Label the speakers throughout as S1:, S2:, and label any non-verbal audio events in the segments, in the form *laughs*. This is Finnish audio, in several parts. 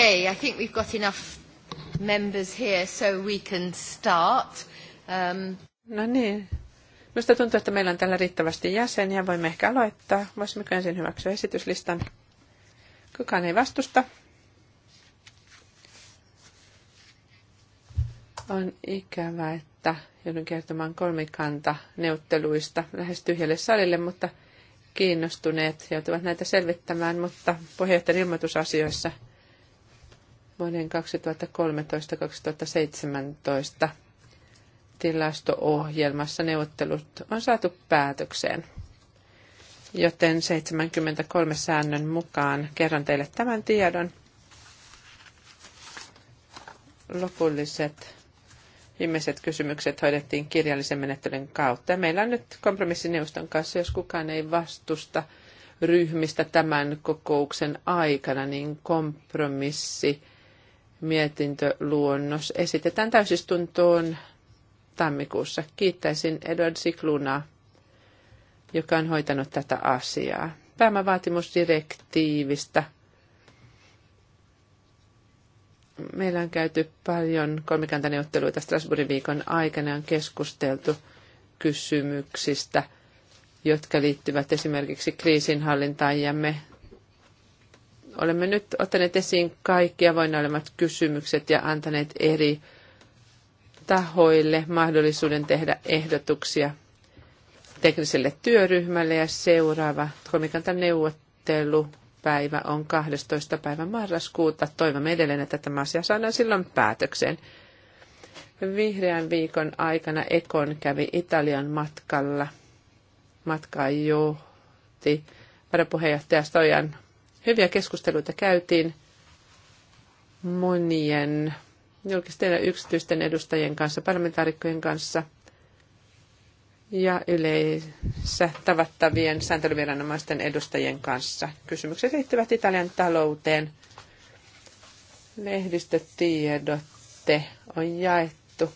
S1: Okay, I think we've got enough members here so we can start. Um... No niin. Minusta tuntuu, että meillä on täällä riittävästi jäseniä. Voimme ehkä aloittaa. Voisimmeko ensin hyväksyä esityslistan? Kukaan ei vastusta. On ikävä, että joudun kertomaan kolmikanta neuvotteluista lähes tyhjälle salille, mutta kiinnostuneet joutuvat näitä selvittämään, mutta puheenjohtajan ilmoitusasioissa – vuoden 2013-2017 tilasto-ohjelmassa neuvottelut on saatu päätökseen. Joten 73 säännön mukaan kerron teille tämän tiedon. Lopulliset viimeiset kysymykset hoidettiin kirjallisen menettelyn kautta. Meillä on nyt kompromissineuvoston kanssa, jos kukaan ei vastusta ryhmistä tämän kokouksen aikana, niin kompromissi mietintöluonnos esitetään täysistuntoon tammikuussa. Kiittäisin Edward Sikluna, joka on hoitanut tätä asiaa. Pääomavaatimusdirektiivistä. Meillä on käyty paljon kolmikantaneuvotteluita Strasbourgin viikon aikana on keskusteltu kysymyksistä, jotka liittyvät esimerkiksi kriisinhallintaan ja me Olemme nyt ottaneet esiin kaikki avoinna olevat kysymykset ja antaneet eri tahoille mahdollisuuden tehdä ehdotuksia tekniselle työryhmälle ja seuraava neuvottelupäivä on 12. päivä marraskuuta. Toivomme edelleen, että tämä asia saadaan silloin päätökseen. Vihreän viikon aikana Ekon kävi Italian matkalla. Matkaa johti varapuheenjohtaja Stojan Hyviä keskusteluita käytiin monien julkisten ja yksityisten edustajien kanssa, parlamentaarikkojen kanssa ja yleensä tavattavien sääntelyviranomaisten edustajien kanssa. Kysymykset liittyvät Italian talouteen. Lehdistötiedotte on jaettu.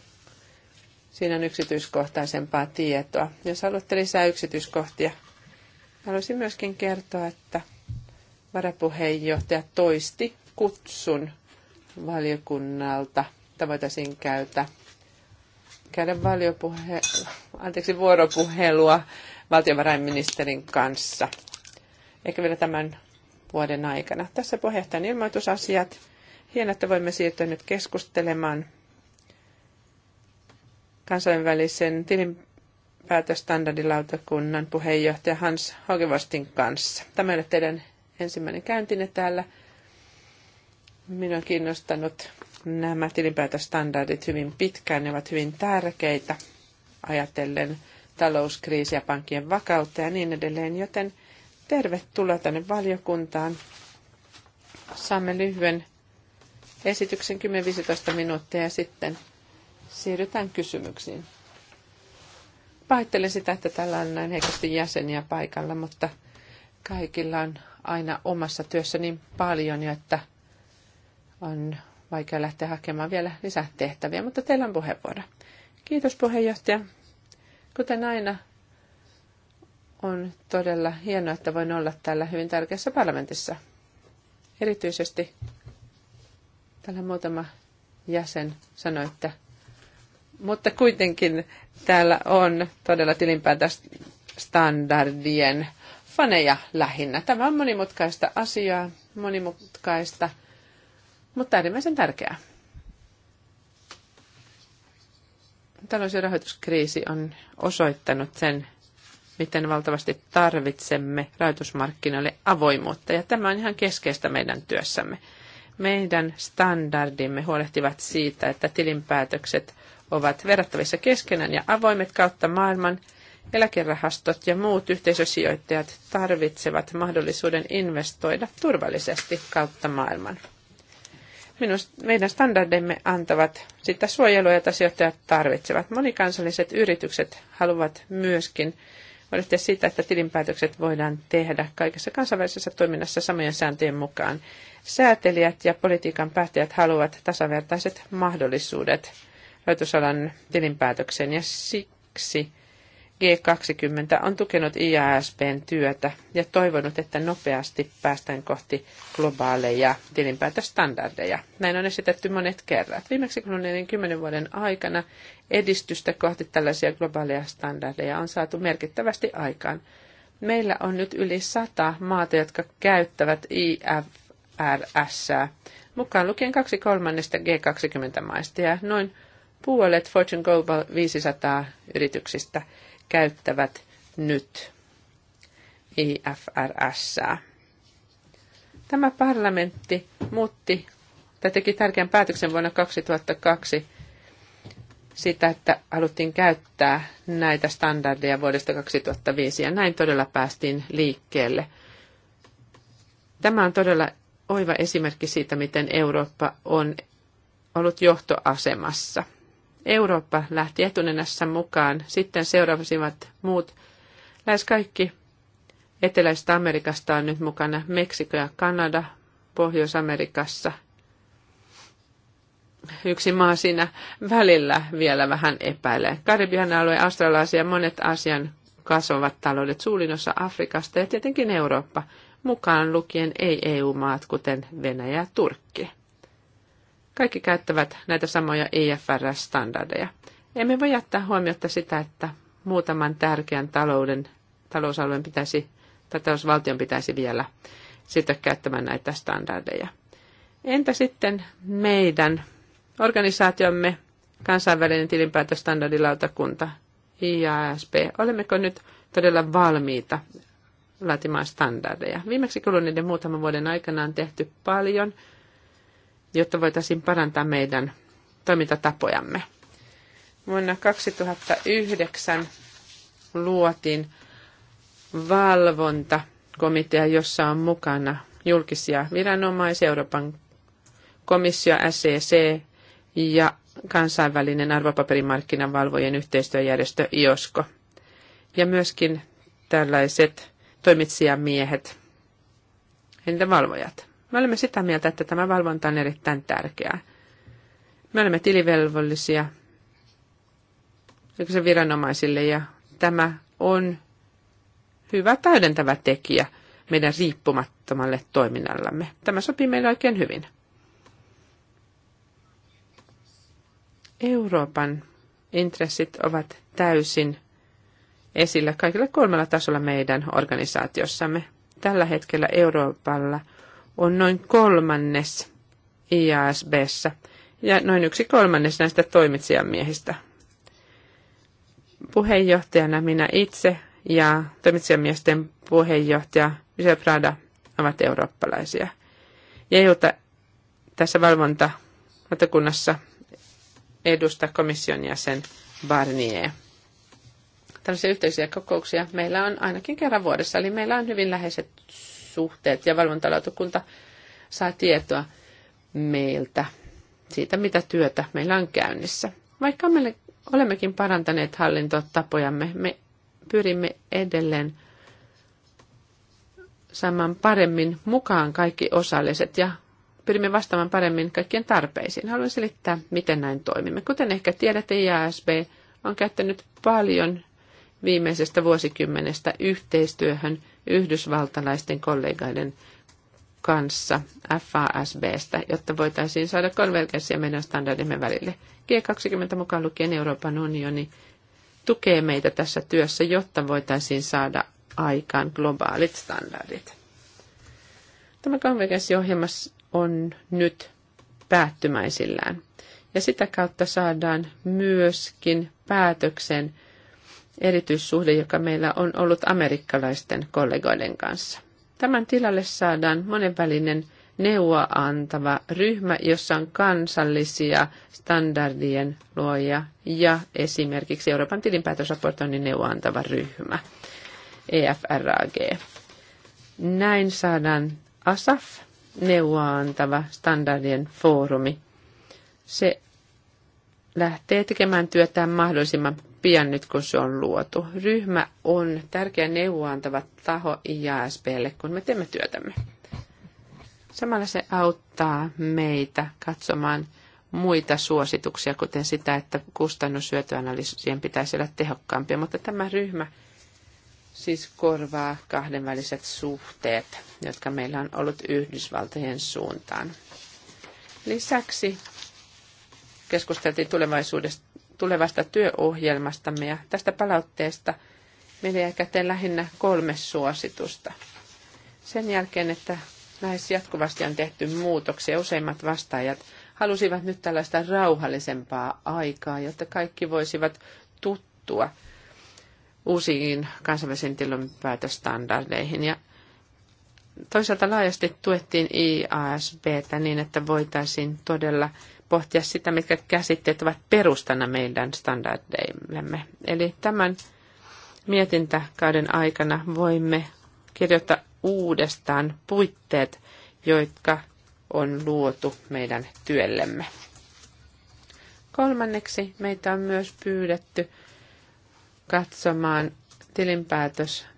S1: Siinä on yksityiskohtaisempaa tietoa. Jos haluatte lisää yksityiskohtia, haluaisin myöskin kertoa, että varapuheenjohtaja toisti kutsun valiokunnalta, että voitaisiin käydä, käydä valiopuhe, anteeksi, vuoropuhelua valtiovarainministerin kanssa. Ehkä vielä tämän vuoden aikana. Tässä puheenjohtajan ilmoitusasiat. Hienoa, että voimme siirtyä nyt keskustelemaan kansainvälisen tilinpäätöstandardilautakunnan puheenjohtaja Hans Hogevostin kanssa. Tämä on teidän ensimmäinen käyntinne täällä. Minua on kiinnostanut nämä tilinpäätöstandardit hyvin pitkään. Ne ovat hyvin tärkeitä ajatellen talouskriisiä, pankkien vakautta ja niin edelleen, joten tervetuloa tänne valiokuntaan. Saamme lyhyen esityksen 10-15 minuuttia ja sitten siirrytään kysymyksiin. Pahoittelen sitä, että täällä on näin heikosti jäseniä paikalla, mutta kaikilla on aina omassa työssä niin paljon, että on vaikea lähteä hakemaan vielä lisää tehtäviä, mutta teillä on puheenvuoro. Kiitos puheenjohtaja. Kuten aina, on todella hienoa, että voin olla täällä hyvin tärkeässä parlamentissa. Erityisesti täällä muutama jäsen sanoi, että mutta kuitenkin täällä on todella tilinpäätöstandardien faneja lähinnä. Tämä on monimutkaista asiaa, monimutkaista, mutta äärimmäisen tärkeää. Talous- ja rahoituskriisi on osoittanut sen, miten valtavasti tarvitsemme rahoitusmarkkinoille avoimuutta, ja tämä on ihan keskeistä meidän työssämme. Meidän standardimme huolehtivat siitä, että tilinpäätökset ovat verrattavissa keskenään ja avoimet kautta maailman – eläkerahastot ja muut yhteisösijoittajat tarvitsevat mahdollisuuden investoida turvallisesti kautta maailman. meidän standardimme antavat sitä suojelua, jota sijoittajat tarvitsevat. Monikansalliset yritykset haluavat myöskin huolehtia siitä, että tilinpäätökset voidaan tehdä kaikessa kansainvälisessä toiminnassa samojen sääntöjen mukaan. Säätelijät ja politiikan päättäjät haluavat tasavertaiset mahdollisuudet rahoitusalan tilinpäätökseen ja siksi – G20 on tukenut IASPn työtä ja toivonut, että nopeasti päästään kohti globaaleja tilinpäätöstandardeja. Näin on esitetty monet kerrat. Viimeksi kuluneiden kymmenen vuoden aikana edistystä kohti tällaisia globaaleja standardeja on saatu merkittävästi aikaan. Meillä on nyt yli sata maata, jotka käyttävät IFRS, mukaan lukien kaksi kolmannesta G20-maista ja noin puolet Fortune Global 500 yrityksistä – käyttävät nyt IFRS. Tämä parlamentti muutti tai teki tärkeän päätöksen vuonna 2002 sitä, että haluttiin käyttää näitä standardeja vuodesta 2005 ja näin todella päästiin liikkeelle. Tämä on todella oiva esimerkki siitä, miten Eurooppa on ollut johtoasemassa Eurooppa lähti etunenässä mukaan, sitten seuraavasivat muut. Lähes kaikki Eteläistä Amerikasta on nyt mukana Meksiko ja Kanada Pohjois-Amerikassa. Yksi maa siinä välillä vielä vähän epäilee. Karibian alue, Australasia, monet asian kasvavat taloudet, suurin osa Afrikasta ja tietenkin Eurooppa, mukaan lukien ei-EU-maat, kuten Venäjä ja Turkki. Kaikki käyttävät näitä samoja IFRS-standardeja. Emme voi jättää huomiota sitä, että muutaman tärkeän talouden, talousalueen pitäisi, tai talousvaltion pitäisi vielä sitten käyttämään näitä standardeja. Entä sitten meidän organisaatiomme kansainvälinen tilinpäätöstandardilautakunta, IASP, olemmeko nyt todella valmiita laatimaan standardeja? Viimeksi kuluneiden muutaman vuoden aikana on tehty paljon – jotta voitaisiin parantaa meidän toimintatapojamme. Vuonna 2009 luotiin valvontakomitea, jossa on mukana julkisia viranomaisia, Euroopan komissio, SEC ja kansainvälinen arvopaperimarkkinavalvojen yhteistyöjärjestö IOSKO. Ja myöskin tällaiset toimitsijamiehet, entä valvojat. Me olemme sitä mieltä, että tämä valvonta on erittäin tärkeää. Me olemme tilivelvollisia se viranomaisille ja tämä on hyvä täydentävä tekijä meidän riippumattomalle toiminnallamme. Tämä sopii meille oikein hyvin. Euroopan intressit ovat täysin esillä kaikilla kolmella tasolla meidän organisaatiossamme. Tällä hetkellä Euroopalla – on noin kolmannes IASBssä ja noin yksi kolmannes näistä toimitsijamiehistä. Puheenjohtajana minä itse ja toimitsijamiesten puheenjohtaja Michel Prada ovat eurooppalaisia. Ja jota tässä valvontavaltakunnassa edusta komission jäsen Barnier. Tällaisia yhteisiä kokouksia meillä on ainakin kerran vuodessa, eli meillä on hyvin läheiset suhteet ja valvontalautakunta saa tietoa meiltä siitä, mitä työtä meillä on käynnissä. Vaikka me olemmekin parantaneet hallintotapojamme, me pyrimme edelleen saamaan paremmin mukaan kaikki osalliset ja pyrimme vastaamaan paremmin kaikkien tarpeisiin. Haluan selittää, miten näin toimimme. Kuten ehkä tiedätte, JSB on käyttänyt paljon viimeisestä vuosikymmenestä yhteistyöhön yhdysvaltalaisten kollegaiden kanssa FASBstä, jotta voitaisiin saada konvergenssia meidän standardimme välille. G20 mukaan lukien Euroopan unioni tukee meitä tässä työssä, jotta voitaisiin saada aikaan globaalit standardit. Tämä konvergenssiohjelma on nyt päättymäisillään. Ja sitä kautta saadaan myöskin päätöksen erityissuhde, joka meillä on ollut amerikkalaisten kollegoiden kanssa. Tämän tilalle saadaan monenvälinen neuvoa antava ryhmä, jossa on kansallisia standardien luoja ja esimerkiksi Euroopan tilinpäätösraportoinnin neuvoa antava ryhmä, EFRAG. Näin saadaan ASAF, neuvoa antava standardien foorumi. Se lähtee tekemään työtään mahdollisimman pian nyt, kun se on luotu. Ryhmä on tärkeä neuvoantava taho IASPlle, kun me teemme työtämme. Samalla se auttaa meitä katsomaan muita suosituksia, kuten sitä, että kustannushyötyanalyysien pitäisi olla tehokkaampia, mutta tämä ryhmä siis korvaa kahdenväliset suhteet, jotka meillä on ollut Yhdysvaltojen suuntaan. Lisäksi keskusteltiin tulevaisuudesta tulevasta työohjelmastamme ja tästä palautteesta meille jäi käteen lähinnä kolme suositusta. Sen jälkeen, että lähes jatkuvasti on tehty muutoksia, useimmat vastaajat halusivat nyt tällaista rauhallisempaa aikaa, jotta kaikki voisivat tuttua uusiin kansainvälisiin tilinpäätöstandardeihin. Ja toisaalta laajasti tuettiin IASBtä niin, että voitaisiin todella pohtia sitä, mitkä käsitteet ovat perustana meidän standardeillemme. Eli tämän mietintäkauden aikana voimme kirjoittaa uudestaan puitteet, jotka on luotu meidän työllemme. Kolmanneksi meitä on myös pyydetty katsomaan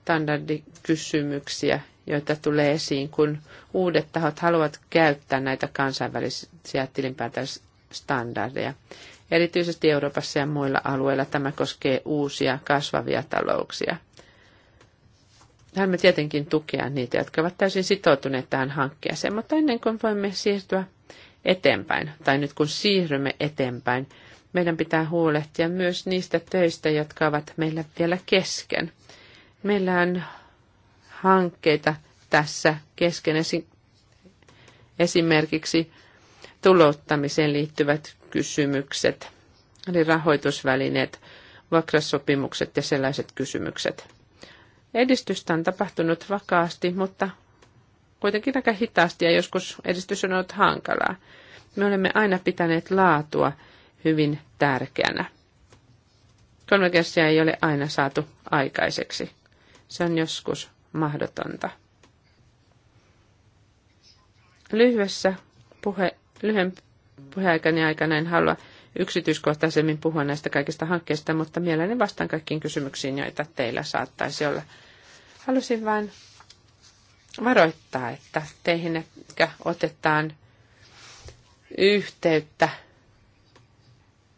S1: standardikysymyksiä joita tulee esiin, kun uudet tahot haluavat käyttää näitä kansainvälisiä tilinpäätöstandardeja. Erityisesti Euroopassa ja muilla alueilla tämä koskee uusia kasvavia talouksia. Haluamme tietenkin tukea niitä, jotka ovat täysin sitoutuneet tähän hankkeeseen, mutta ennen kuin voimme siirtyä eteenpäin, tai nyt kun siirrymme eteenpäin, meidän pitää huolehtia myös niistä töistä, jotka ovat meillä vielä kesken. Meillä on hankkeita tässä kesken. Esimerkiksi tulottamiseen liittyvät kysymykset, eli rahoitusvälineet, vakrasopimukset ja sellaiset kysymykset. Edistystä on tapahtunut vakaasti, mutta kuitenkin aika hitaasti ja joskus edistys on ollut hankalaa. Me olemme aina pitäneet laatua hyvin tärkeänä. Konvergenssia ei ole aina saatu aikaiseksi. Se on joskus mahdotonta. Lyhyessä puhe, lyhyen puheaikani aikana en halua yksityiskohtaisemmin puhua näistä kaikista hankkeista, mutta mielelläni vastaan kaikkiin kysymyksiin, joita teillä saattaisi olla. Halusin vain varoittaa, että teihin ehkä otetaan yhteyttä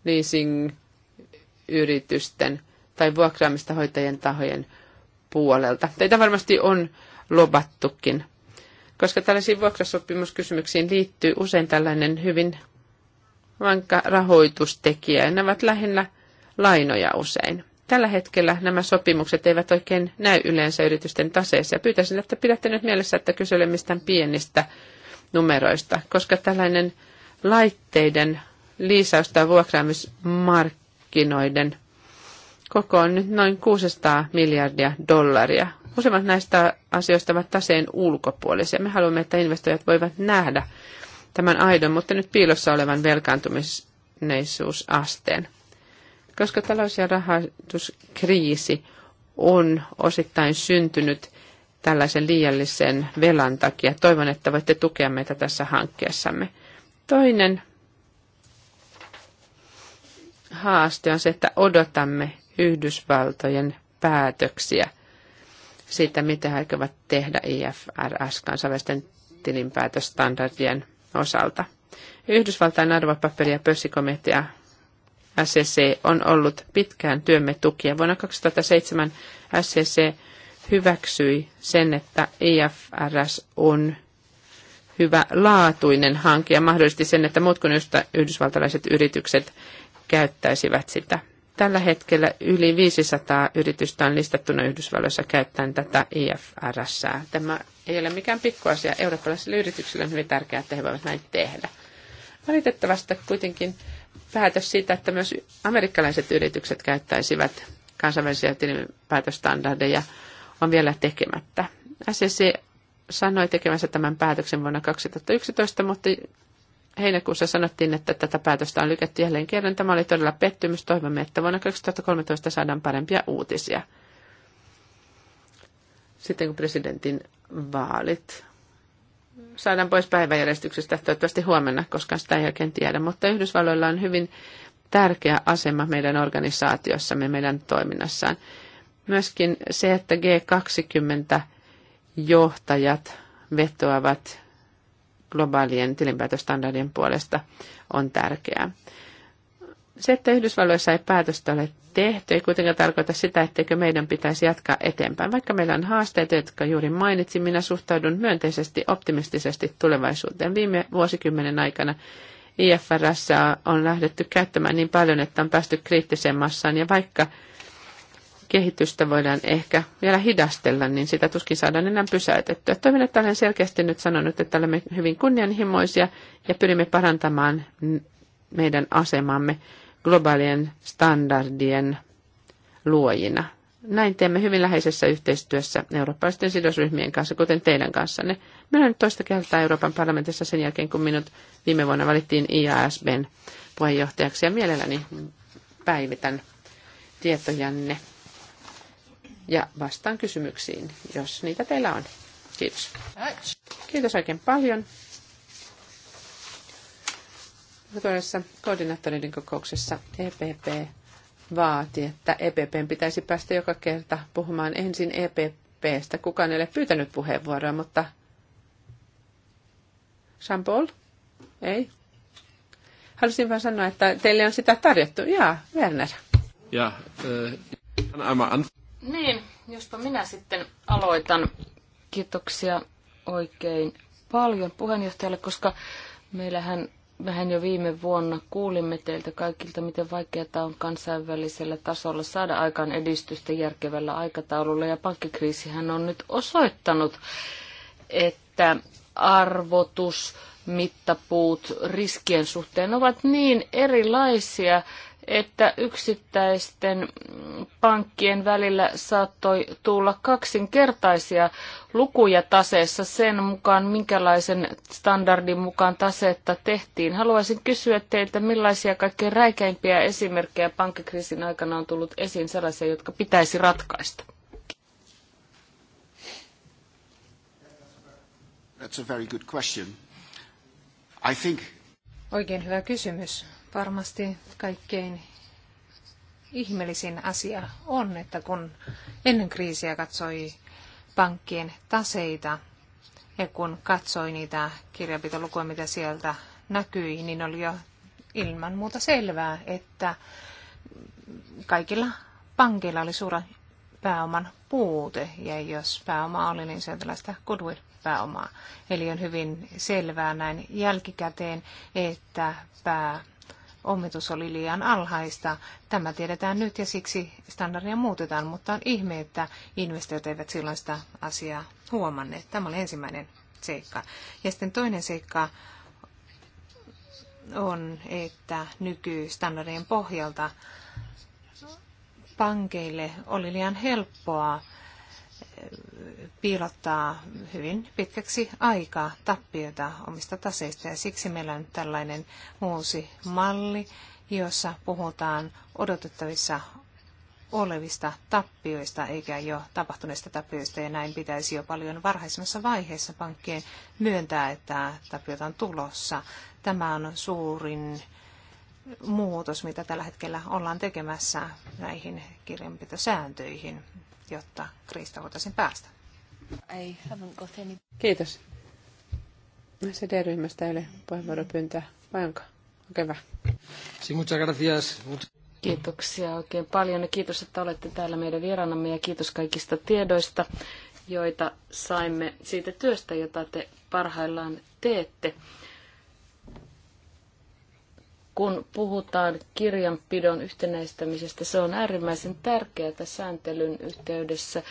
S1: leasing-yritysten tai vuokraamista hoitajien tahojen puolelta. Teitä varmasti on lobattukin, koska tällaisiin vuokrasopimuskysymyksiin liittyy usein tällainen hyvin vankka rahoitustekijä, ja ne ovat lähinnä lainoja usein. Tällä hetkellä nämä sopimukset eivät oikein näy yleensä yritysten taseessa, ja pyytäisin, että pidätte nyt mielessä, että kysele mistään pienistä numeroista, koska tällainen laitteiden liisaus tai vuokraamismarkkinoiden – koko on nyt noin 600 miljardia dollaria. Useimmat näistä asioista ovat taseen ulkopuolisia. Me haluamme, että investoijat voivat nähdä tämän aidon, mutta nyt piilossa olevan velkaantumisneisuusasteen. Koska talous- ja rahoituskriisi on osittain syntynyt tällaisen liiallisen velan takia. Toivon, että voitte tukea meitä tässä hankkeessamme. Toinen haaste on se, että odotamme Yhdysvaltojen päätöksiä siitä, mitä he aikovat tehdä IFRS kansainvälisten tilinpäätöstandardien osalta. Yhdysvaltain arvopaperi- ja pössikomitea SEC on ollut pitkään työmme tukia. Vuonna 2007 SEC hyväksyi sen, että IFRS on hyvä laatuinen hanke ja mahdollisti sen, että muut kuin yhdysvaltalaiset yritykset käyttäisivät sitä. Tällä hetkellä yli 500 yritystä on listattuna Yhdysvalloissa käyttäen tätä IFRS. Tämä ei ole mikään pikkuasia. Eurooppalaisille yrityksille on hyvin tärkeää, että he voivat näin tehdä. Valitettavasti kuitenkin päätös siitä, että myös amerikkalaiset yritykset käyttäisivät kansainvälisiä tilinpäätöstandardeja, on vielä tekemättä. SEC sanoi tekemänsä tämän päätöksen vuonna 2011, mutta heinäkuussa sanottiin, että tätä päätöstä on lykätty jälleen kerran. Tämä oli todella pettymys. Toivomme, että vuonna 2013 saadaan parempia uutisia. Sitten kun presidentin vaalit saadaan pois päiväjärjestyksestä, toivottavasti huomenna, koska sitä ei oikein tiedä. Mutta Yhdysvalloilla on hyvin tärkeä asema meidän organisaatiossamme, meidän toiminnassaan. Myöskin se, että G20-johtajat vetoavat globaalien tilinpäätöstandardien puolesta on tärkeää. Se, että Yhdysvalloissa ei päätöstä ole tehty, ei kuitenkaan tarkoita sitä, etteikö meidän pitäisi jatkaa eteenpäin. Vaikka meillä on haasteita, jotka juuri mainitsin, minä suhtaudun myönteisesti, optimistisesti tulevaisuuteen. Viime vuosikymmenen aikana IFRS on lähdetty käyttämään niin paljon, että on päästy kriittiseen massaan, ja vaikka kehitystä voidaan ehkä vielä hidastella, niin sitä tuskin saadaan enää pysäytettyä. Toivon, että olen selkeästi nyt sanonut, että olemme hyvin kunnianhimoisia ja pyrimme parantamaan meidän asemamme globaalien standardien luojina. Näin teemme hyvin läheisessä yhteistyössä eurooppalaisten sidosryhmien kanssa, kuten teidän kanssanne. Minä olen toista kertaa Euroopan parlamentissa sen jälkeen, kun minut viime vuonna valittiin IASBn puheenjohtajaksi ja mielelläni päivitän tietojanne ja vastaan kysymyksiin, jos niitä teillä on. Kiitos. Kiitos oikein paljon. Tuossa koordinaattoreiden kokouksessa EPP vaati, että EPPn pitäisi päästä joka kerta puhumaan ensin EPPstä. Kukaan ei ole pyytänyt puheenvuoroa, mutta Jean-Paul? Ei? Halusin vain sanoa, että teille on sitä tarjottu. Jaa, Werner. Ja, äh,
S2: niin, jospa minä sitten aloitan. Kiitoksia oikein paljon puheenjohtajalle, koska meillähän vähän jo viime vuonna kuulimme teiltä kaikilta, miten vaikeaa on kansainvälisellä tasolla saada aikaan edistystä järkevällä aikataululla. Ja pankkikriisihän on nyt osoittanut, että arvotus, mittapuut riskien suhteen ovat niin erilaisia, että yksittäisten pankkien välillä saattoi tulla kaksinkertaisia lukuja taseessa sen mukaan, minkälaisen standardin mukaan tasetta tehtiin. Haluaisin kysyä teiltä, millaisia kaikkein räikeimpiä esimerkkejä pankkikriisin aikana on tullut esiin, sellaisia, jotka pitäisi ratkaista?
S3: That's a very good question. I think...
S4: Oikein hyvä kysymys varmasti kaikkein ihmeellisin asia on, että kun ennen kriisiä katsoi pankkien taseita ja kun katsoi niitä kirjapitolukuja, mitä sieltä näkyi, niin oli jo ilman muuta selvää, että kaikilla pankeilla oli suuri pääoman puute, ja jos pääoma oli, niin se on tällaista goodwill-pääomaa. Eli on hyvin selvää näin jälkikäteen, että pää omitus oli liian alhaista. Tämä tiedetään nyt ja siksi standardia muutetaan, mutta on ihme, että investoijat eivät silloin sitä asiaa huomanneet. Tämä oli ensimmäinen seikka. Ja sitten toinen seikka on, että nykystandardien pohjalta pankeille oli liian helppoa piilottaa hyvin pitkäksi aikaa tappiota omista taseista ja siksi meillä on tällainen uusi malli, jossa puhutaan odotettavissa olevista tappioista eikä jo tapahtuneista tappioista ja näin pitäisi jo paljon varhaisemmassa vaiheessa pankkien myöntää, että tappiota on tulossa. Tämä on suurin muutos, mitä tällä hetkellä ollaan tekemässä näihin kirjanpitosääntöihin jotta Krista voitaisiin päästä. Ei, any...
S1: Kiitos. CD-ryhmästä ei ole puheenvuoropyyntöä, vai onko? Okei, hyvä.
S4: Sí, muchas gracias.
S2: Kiitoksia oikein paljon ja kiitos, että olette täällä meidän vierannamme ja kiitos kaikista tiedoista, joita saimme siitä työstä, jota te parhaillaan teette kun puhutaan kirjanpidon yhtenäistämisestä, se on äärimmäisen tärkeää sääntelyn yhteydessä.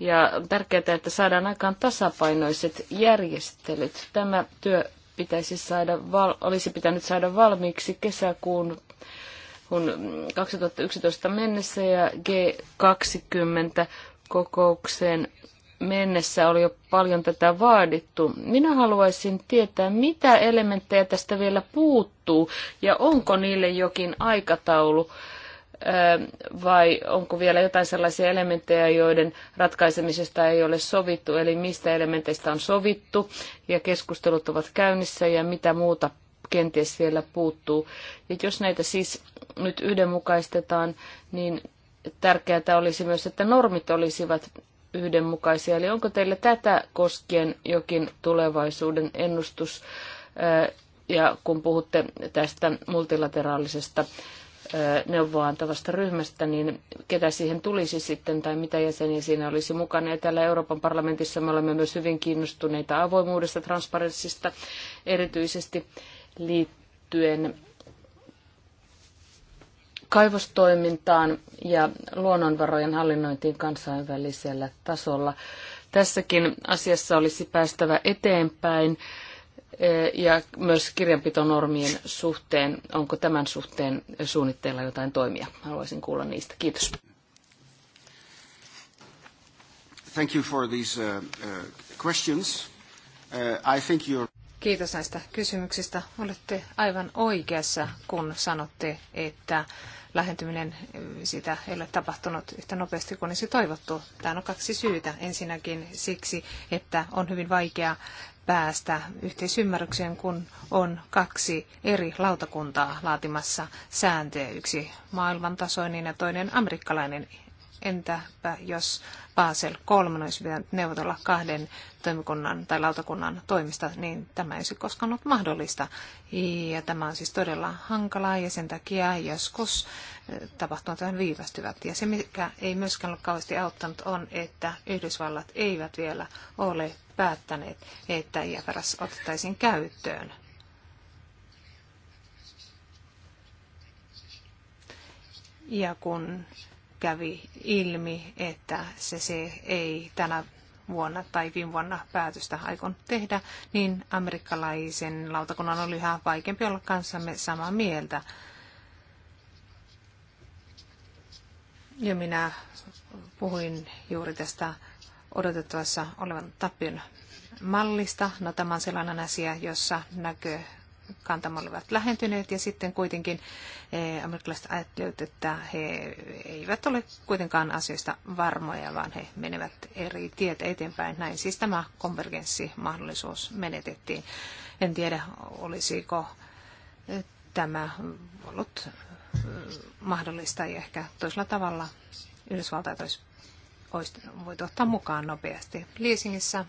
S2: Ja on tärkeää, että saadaan aikaan tasapainoiset järjestelyt. Tämä työ pitäisi saada, olisi pitänyt saada valmiiksi kesäkuun 2011 mennessä ja G20 kokoukseen mennessä oli jo paljon tätä vaadittu. Minä haluaisin tietää, mitä elementtejä tästä vielä puuttuu ja onko niille jokin aikataulu vai onko vielä jotain sellaisia elementtejä, joiden ratkaisemisesta ei ole sovittu, eli mistä elementeistä on sovittu ja keskustelut ovat käynnissä ja mitä muuta kenties vielä puuttuu. Ja jos näitä siis nyt yhdenmukaistetaan, niin tärkeää olisi myös, että normit olisivat yhdenmukaisia. Eli onko teillä tätä koskien jokin tulevaisuuden ennustus? Äh, ja kun puhutte tästä multilateraalisesta äh, neuvoantavasta ryhmästä, niin ketä siihen tulisi sitten tai mitä jäseniä siinä olisi mukana. Ja täällä Euroopan parlamentissa me olemme myös hyvin kiinnostuneita avoimuudesta, transparenssista, erityisesti liittyen kaivostoimintaan ja luonnonvarojen hallinnointiin kansainvälisellä tasolla. Tässäkin asiassa olisi päästävä eteenpäin eh, ja myös kirjanpitonormien suhteen. Onko tämän suhteen suunnitteilla jotain toimia? Haluaisin
S4: kuulla niistä. Kiitos.
S3: Thank you for these uh, uh, questions. Uh, I think you're...
S4: Kiitos näistä kysymyksistä. Olette aivan oikeassa, kun sanotte, että lähentyminen mm, siitä, ei ole tapahtunut yhtä nopeasti kuin olisi toivottu. Tämä on kaksi syytä. Ensinnäkin siksi, että on hyvin vaikea päästä yhteisymmärrykseen, kun on kaksi eri lautakuntaa laatimassa sääntöjä, yksi maailmantasoinen ja toinen amerikkalainen Entäpä jos Basel 3 olisi pitänyt neuvotella kahden toimikunnan tai lautakunnan toimista, niin tämä ei olisi koskaan ollut mahdollista. Ja tämä on siis todella hankalaa ja sen takia joskus eh, tapahtumat vähän viivästyvät. Ja se, mikä ei myöskään ole kauheasti auttanut, on, että Yhdysvallat eivät vielä ole päättäneet, että IFRS otettaisiin käyttöön. Ja kun kävi ilmi, että se, se ei tänä vuonna tai viime vuonna päätöstä aikon tehdä, niin amerikkalaisen lautakunnan oli ihan vaikeampi olla kanssamme samaa mieltä. Ja minä puhuin juuri tästä odotettavassa olevan tapion mallista. No tämä on sellainen asia, jossa näkö, kantamme olivat lähentyneet ja sitten kuitenkin eh, amerikkalaiset ajattelivat, että he eivät ole kuitenkaan asioista varmoja, vaan he menevät eri tietä eteenpäin. Näin siis tämä konvergenssimahdollisuus menetettiin. En tiedä, olisiko eh, tämä ollut eh, mahdollista ja ehkä toisella tavalla Yhdysvaltain olisi voitu ottaa mukaan nopeasti. Leasingissä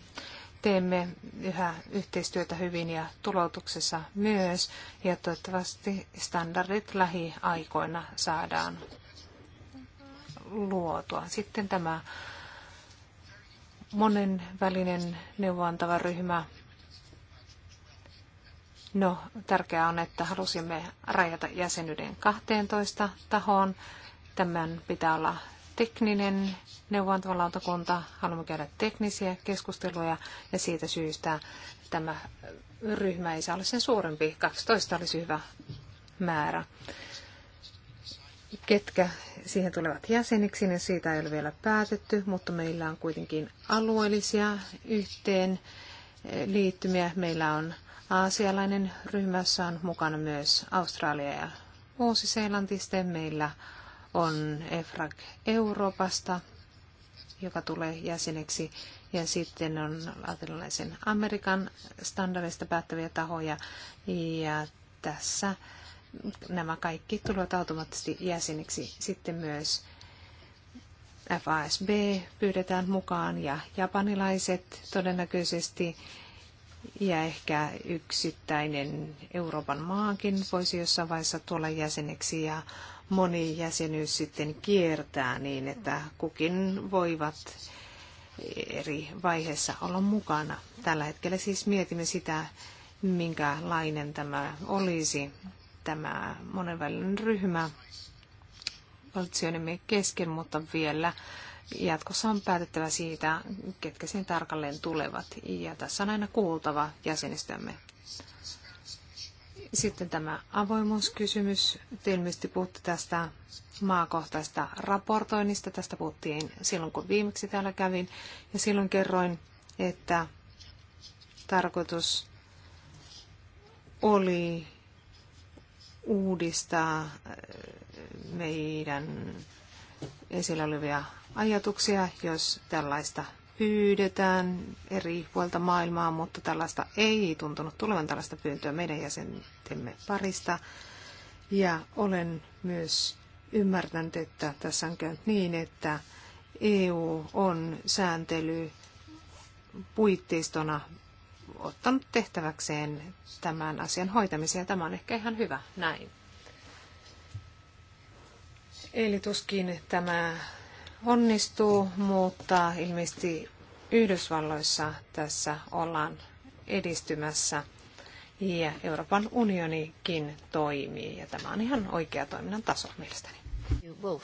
S4: teemme yhä yhteistyötä hyvin ja tuloutuksessa myös. Ja toivottavasti standardit lähiaikoina saadaan luotua. Sitten tämä monenvälinen neuvoantava ryhmä. No, tärkeää on, että halusimme rajata jäsenyyden 12 tahoon. Tämän pitää olla tekninen neuvontavalautakunta. haluamme käydä teknisiä keskusteluja ja siitä syystä tämä ryhmä ei saa olla sen suurempi. 12 olisi hyvä määrä. Ketkä siihen tulevat jäseniksi, niin siitä ei ole vielä päätetty, mutta meillä on kuitenkin alueellisia yhteen liittymiä. Meillä on aasialainen ryhmässä on mukana myös Australia ja Uusi-Seelanti. meillä on EFRAG Euroopasta, joka tulee jäseneksi, ja sitten on latinalaisen Amerikan standardista päättäviä tahoja, ja tässä nämä kaikki tulevat automaattisesti jäseniksi. Sitten myös FASB pyydetään mukaan ja japanilaiset todennäköisesti ja ehkä yksittäinen Euroopan maakin voisi jossain vaiheessa tulla jäseneksi ja moni jäsenyys sitten kiertää niin, että kukin voivat eri vaiheessa olla mukana. Tällä hetkellä siis mietimme sitä, minkälainen tämä olisi, tämä monenvälinen ryhmä valtioidemme kesken, mutta vielä jatkossa on päätettävä siitä, ketkä sen tarkalleen tulevat. Ja tässä on aina kuultava jäsenistämme. Sitten tämä avoimuuskysymys. Ilmeisesti puhutte tästä maakohtaista raportoinnista. Tästä puhuttiin silloin, kun viimeksi täällä kävin. Ja silloin kerroin, että tarkoitus oli uudistaa eh, meidän esillä olevia ajatuksia, jos tällaista pyydetään eri puolta maailmaa, mutta tällaista ei tuntunut tulevan tällaista pyyntöä meidän jäsentemme parista. Ja olen myös ymmärtänyt, että tässä on käynyt niin, että EU on sääntely puitteistona ottanut tehtäväkseen tämän asian hoitamisen, ja tämä on ehkä ihan hyvä näin. Eli tuskin tämä onnistuu, mutta ilmeisesti Yhdysvalloissa tässä ollaan edistymässä ja Euroopan unionikin toimii ja tämä on ihan oikea toiminnan taso mielestäni. Wolf.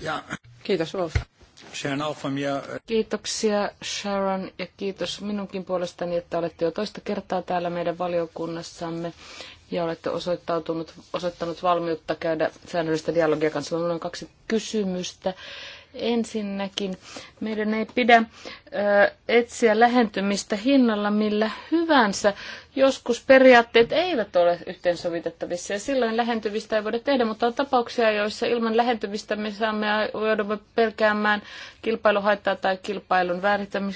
S2: Ja. Kiitos Wolf. Kiitoksia Sharon ja kiitos minunkin puolestani, että olette jo toista kertaa täällä meidän valiokunnassamme ja olette osoittautunut, osoittanut valmiutta käydä säännöllistä dialogia kanssa. Minulla on kaksi kysymystä. Ensinnäkin meidän ei pidä etsiä lähentymistä hinnalla millä hyvänsä. Joskus periaatteet eivät ole yhteensovitettavissa ja silloin lähentymistä ei voida tehdä, mutta on tapauksia, joissa ilman lähentymistä me saamme joudumme pelkäämään kilpailuhaittaa tai kilpailun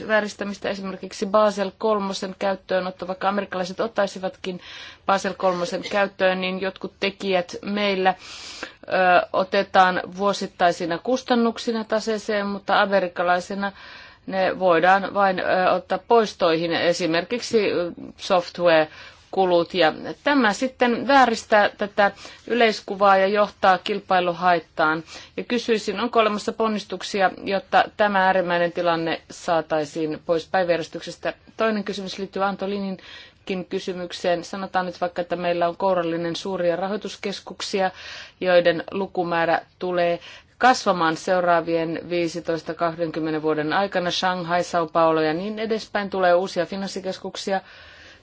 S2: vääristämistä. Esimerkiksi Basel kolmosen käyttöönotto, vaikka amerikkalaiset ottaisivatkin Basel kolmosen käyttöön, niin jotkut tekijät meillä ö, otetaan vuosittaisina kustannuksina taseeseen, mutta amerikkalaisena ne voidaan vain ottaa poistoihin esimerkiksi software kulut. Ja tämä sitten vääristää tätä yleiskuvaa ja johtaa kilpailuhaittaan. Ja kysyisin, onko olemassa ponnistuksia, jotta tämä äärimmäinen tilanne saataisiin pois päiväjärjestyksestä. Toinen kysymys liittyy Antolininkin kysymykseen. Sanotaan nyt vaikka, että meillä on kourallinen suuria rahoituskeskuksia, joiden lukumäärä tulee kasvamaan seuraavien 15-20 vuoden aikana. Shanghai, Sao Paulo ja niin edespäin tulee uusia finanssikeskuksia,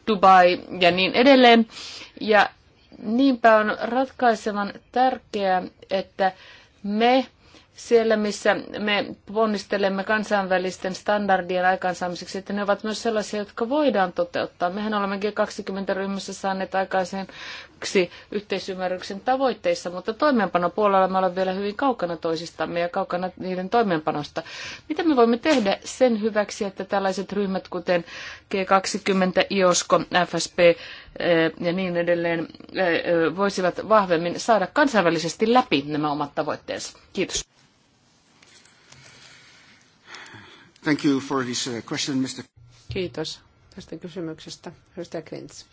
S2: Dubai ja niin edelleen. Ja niinpä on ratkaisevan tärkeää, että me siellä, missä me ponnistelemme kansainvälisten standardien aikaansaamiseksi, että ne ovat myös sellaisia, jotka voidaan toteuttaa. Mehän olemme G20-ryhmässä saaneet aikaiseen yksi yhteisymmärryksen tavoitteissa, mutta toimeenpanopuolella me olemme vielä hyvin kaukana toisistamme ja kaukana niiden toimeenpanosta. Mitä me voimme tehdä sen hyväksi, että tällaiset ryhmät kuten G20, IOSKO, FSP eh, ja niin edelleen eh, eh, voisivat vahvemmin saada kansainvälisesti läpi nämä omat tavoitteensa?
S1: Kiitos.
S3: Thank you for this uh, question, Mr.
S1: Kiitos tästä kysymyksestä, edustaja Klints.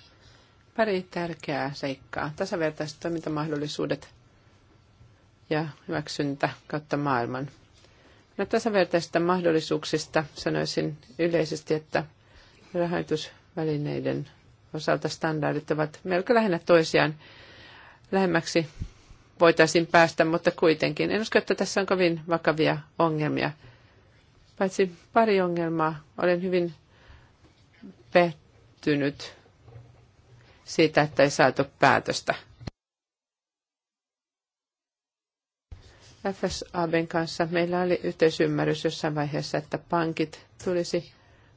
S1: Pari tärkeää seikkaa. Tasavertaiset toimintamahdollisuudet ja hyväksyntä kautta maailman. No, tasavertaisista mahdollisuuksista sanoisin yleisesti, että rahoitusvälineiden osalta standardit ovat melko lähinnä toisiaan. Lähemmäksi voitaisiin päästä, mutta kuitenkin. En usko, että tässä on kovin vakavia ongelmia. Paitsi pari ongelmaa. Olen hyvin pettynyt siitä, että ei saatu päätöstä. FSABn kanssa meillä oli yhteisymmärrys jossain vaiheessa, että pankit tulisi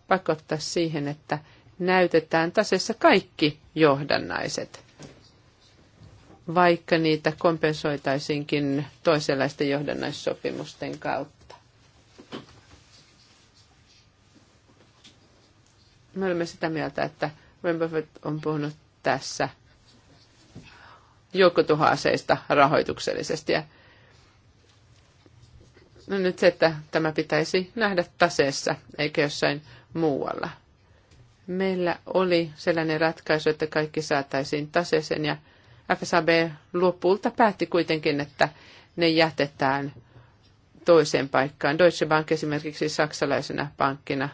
S1: pakottaa siihen, että näytetään tasessa kaikki johdannaiset, vaikka niitä kompensoitaisiinkin toisenlaisten johdannaissopimusten kautta. Me olemme sitä mieltä, että Rembrandt on puhunut tässä joukkotuhoaseista rahoituksellisesti. Ja no nyt se, että tämä pitäisi nähdä taseessa eikä jossain muualla. Meillä oli sellainen ratkaisu, että kaikki saataisiin taseeseen ja FSAB lopulta päätti kuitenkin, että ne jätetään toiseen paikkaan. Deutsche Bank esimerkiksi saksalaisena pankkina,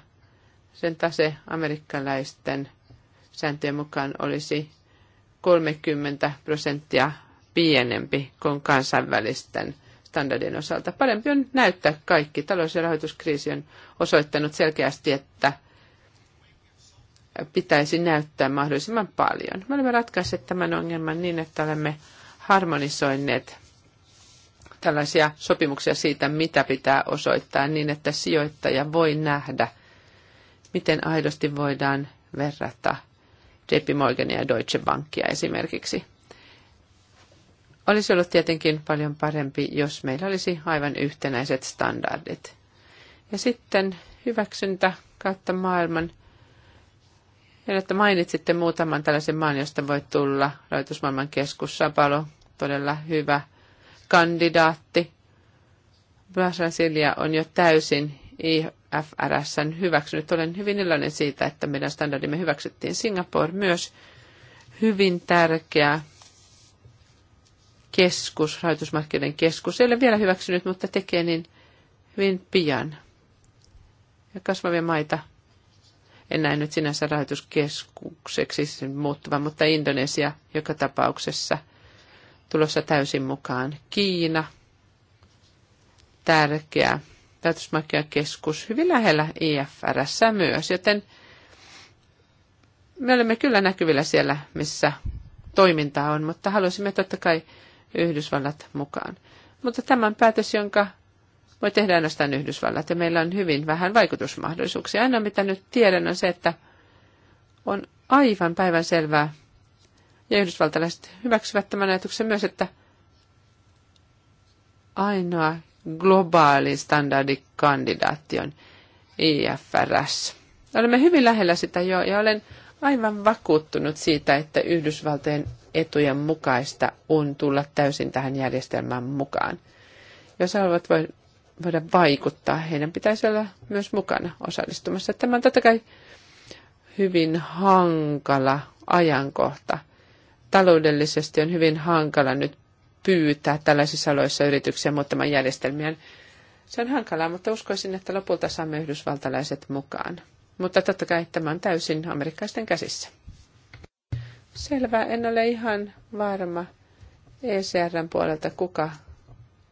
S1: sen tase amerikkalaisten sääntöjen mukaan olisi 30 prosenttia pienempi kuin kansainvälisten standardien osalta. Parempi on näyttää kaikki. Talous- ja rahoituskriisi on osoittanut selkeästi, että pitäisi näyttää mahdollisimman paljon. Me olemme ratkaisseet tämän ongelman niin, että olemme harmonisoineet tällaisia sopimuksia siitä, mitä pitää osoittaa niin, että sijoittaja voi nähdä, miten aidosti voidaan verrata – JP Morgania ja Deutsche Bankia esimerkiksi. Olisi ollut tietenkin paljon parempi, jos meillä olisi aivan yhtenäiset standardit. Ja sitten hyväksyntä kautta maailman. Ja että mainitsitte muutaman tällaisen maan, josta voi tulla rahoitusmaailman keskus. Sabalo, todella hyvä kandidaatti. Brasilia on jo täysin FRSn hyväksynyt. Olen hyvin iloinen siitä, että meidän standardimme hyväksyttiin Singapore myös. Hyvin tärkeä keskus, rahoitusmarkkinoiden keskus. Ei ole vielä hyväksynyt, mutta tekee niin hyvin pian. Ja kasvavia maita en näe nyt sinänsä rahoituskeskukseksi sen muuttuvan, mutta Indonesia joka tapauksessa tulossa täysin mukaan. Kiina, tärkeä keskus hyvin lähellä IFRS myös, joten me olemme kyllä näkyvillä siellä, missä toimintaa on, mutta haluaisimme totta kai Yhdysvallat mukaan. Mutta tämä on päätös, jonka voi tehdä ainoastaan Yhdysvallat, ja meillä on hyvin vähän vaikutusmahdollisuuksia. Aina mitä nyt tiedän on se, että on aivan päivän selvää, ja yhdysvaltalaiset hyväksyvät tämän ajatuksen myös, että ainoa globaalin standardikandidaation IFRS. Olemme hyvin lähellä sitä jo ja olen aivan vakuuttunut siitä, että Yhdysvaltojen etujen mukaista on tulla täysin tähän järjestelmään mukaan. Jos haluavat voida vaikuttaa, heidän pitäisi olla myös mukana osallistumassa. Tämä on totta kai hyvin hankala ajankohta. Taloudellisesti on hyvin hankala nyt pyytää tällaisissa aloissa yrityksiä muuttamaan järjestelmiään. Se on hankalaa, mutta uskoisin, että lopulta saamme yhdysvaltalaiset mukaan. Mutta totta kai tämä on täysin Amerikkaisten käsissä. Selvä, en ole ihan varma ECRn puolelta, kuka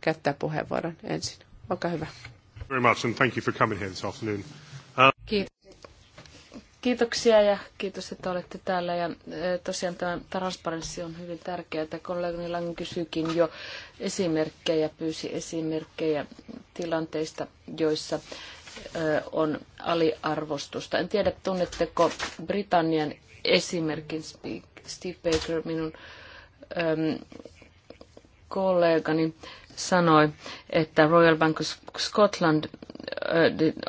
S1: käyttää puheenvuoron ensin. Olkaa hyvä. Very much and thank you for coming here this afternoon.
S2: Kiitos Kiitoksia ja kiitos, että olette täällä. Ja e, tosiaan tämä transparenssi on hyvin tärkeää. Kollegani Langen kysyikin jo esimerkkejä, pyysi esimerkkejä tilanteista, joissa e, on aliarvostusta. En tiedä, tunnetteko Britannian esimerkin Steve Baker, minun kollegani, sanoi, että Royal Bank of Scotland e,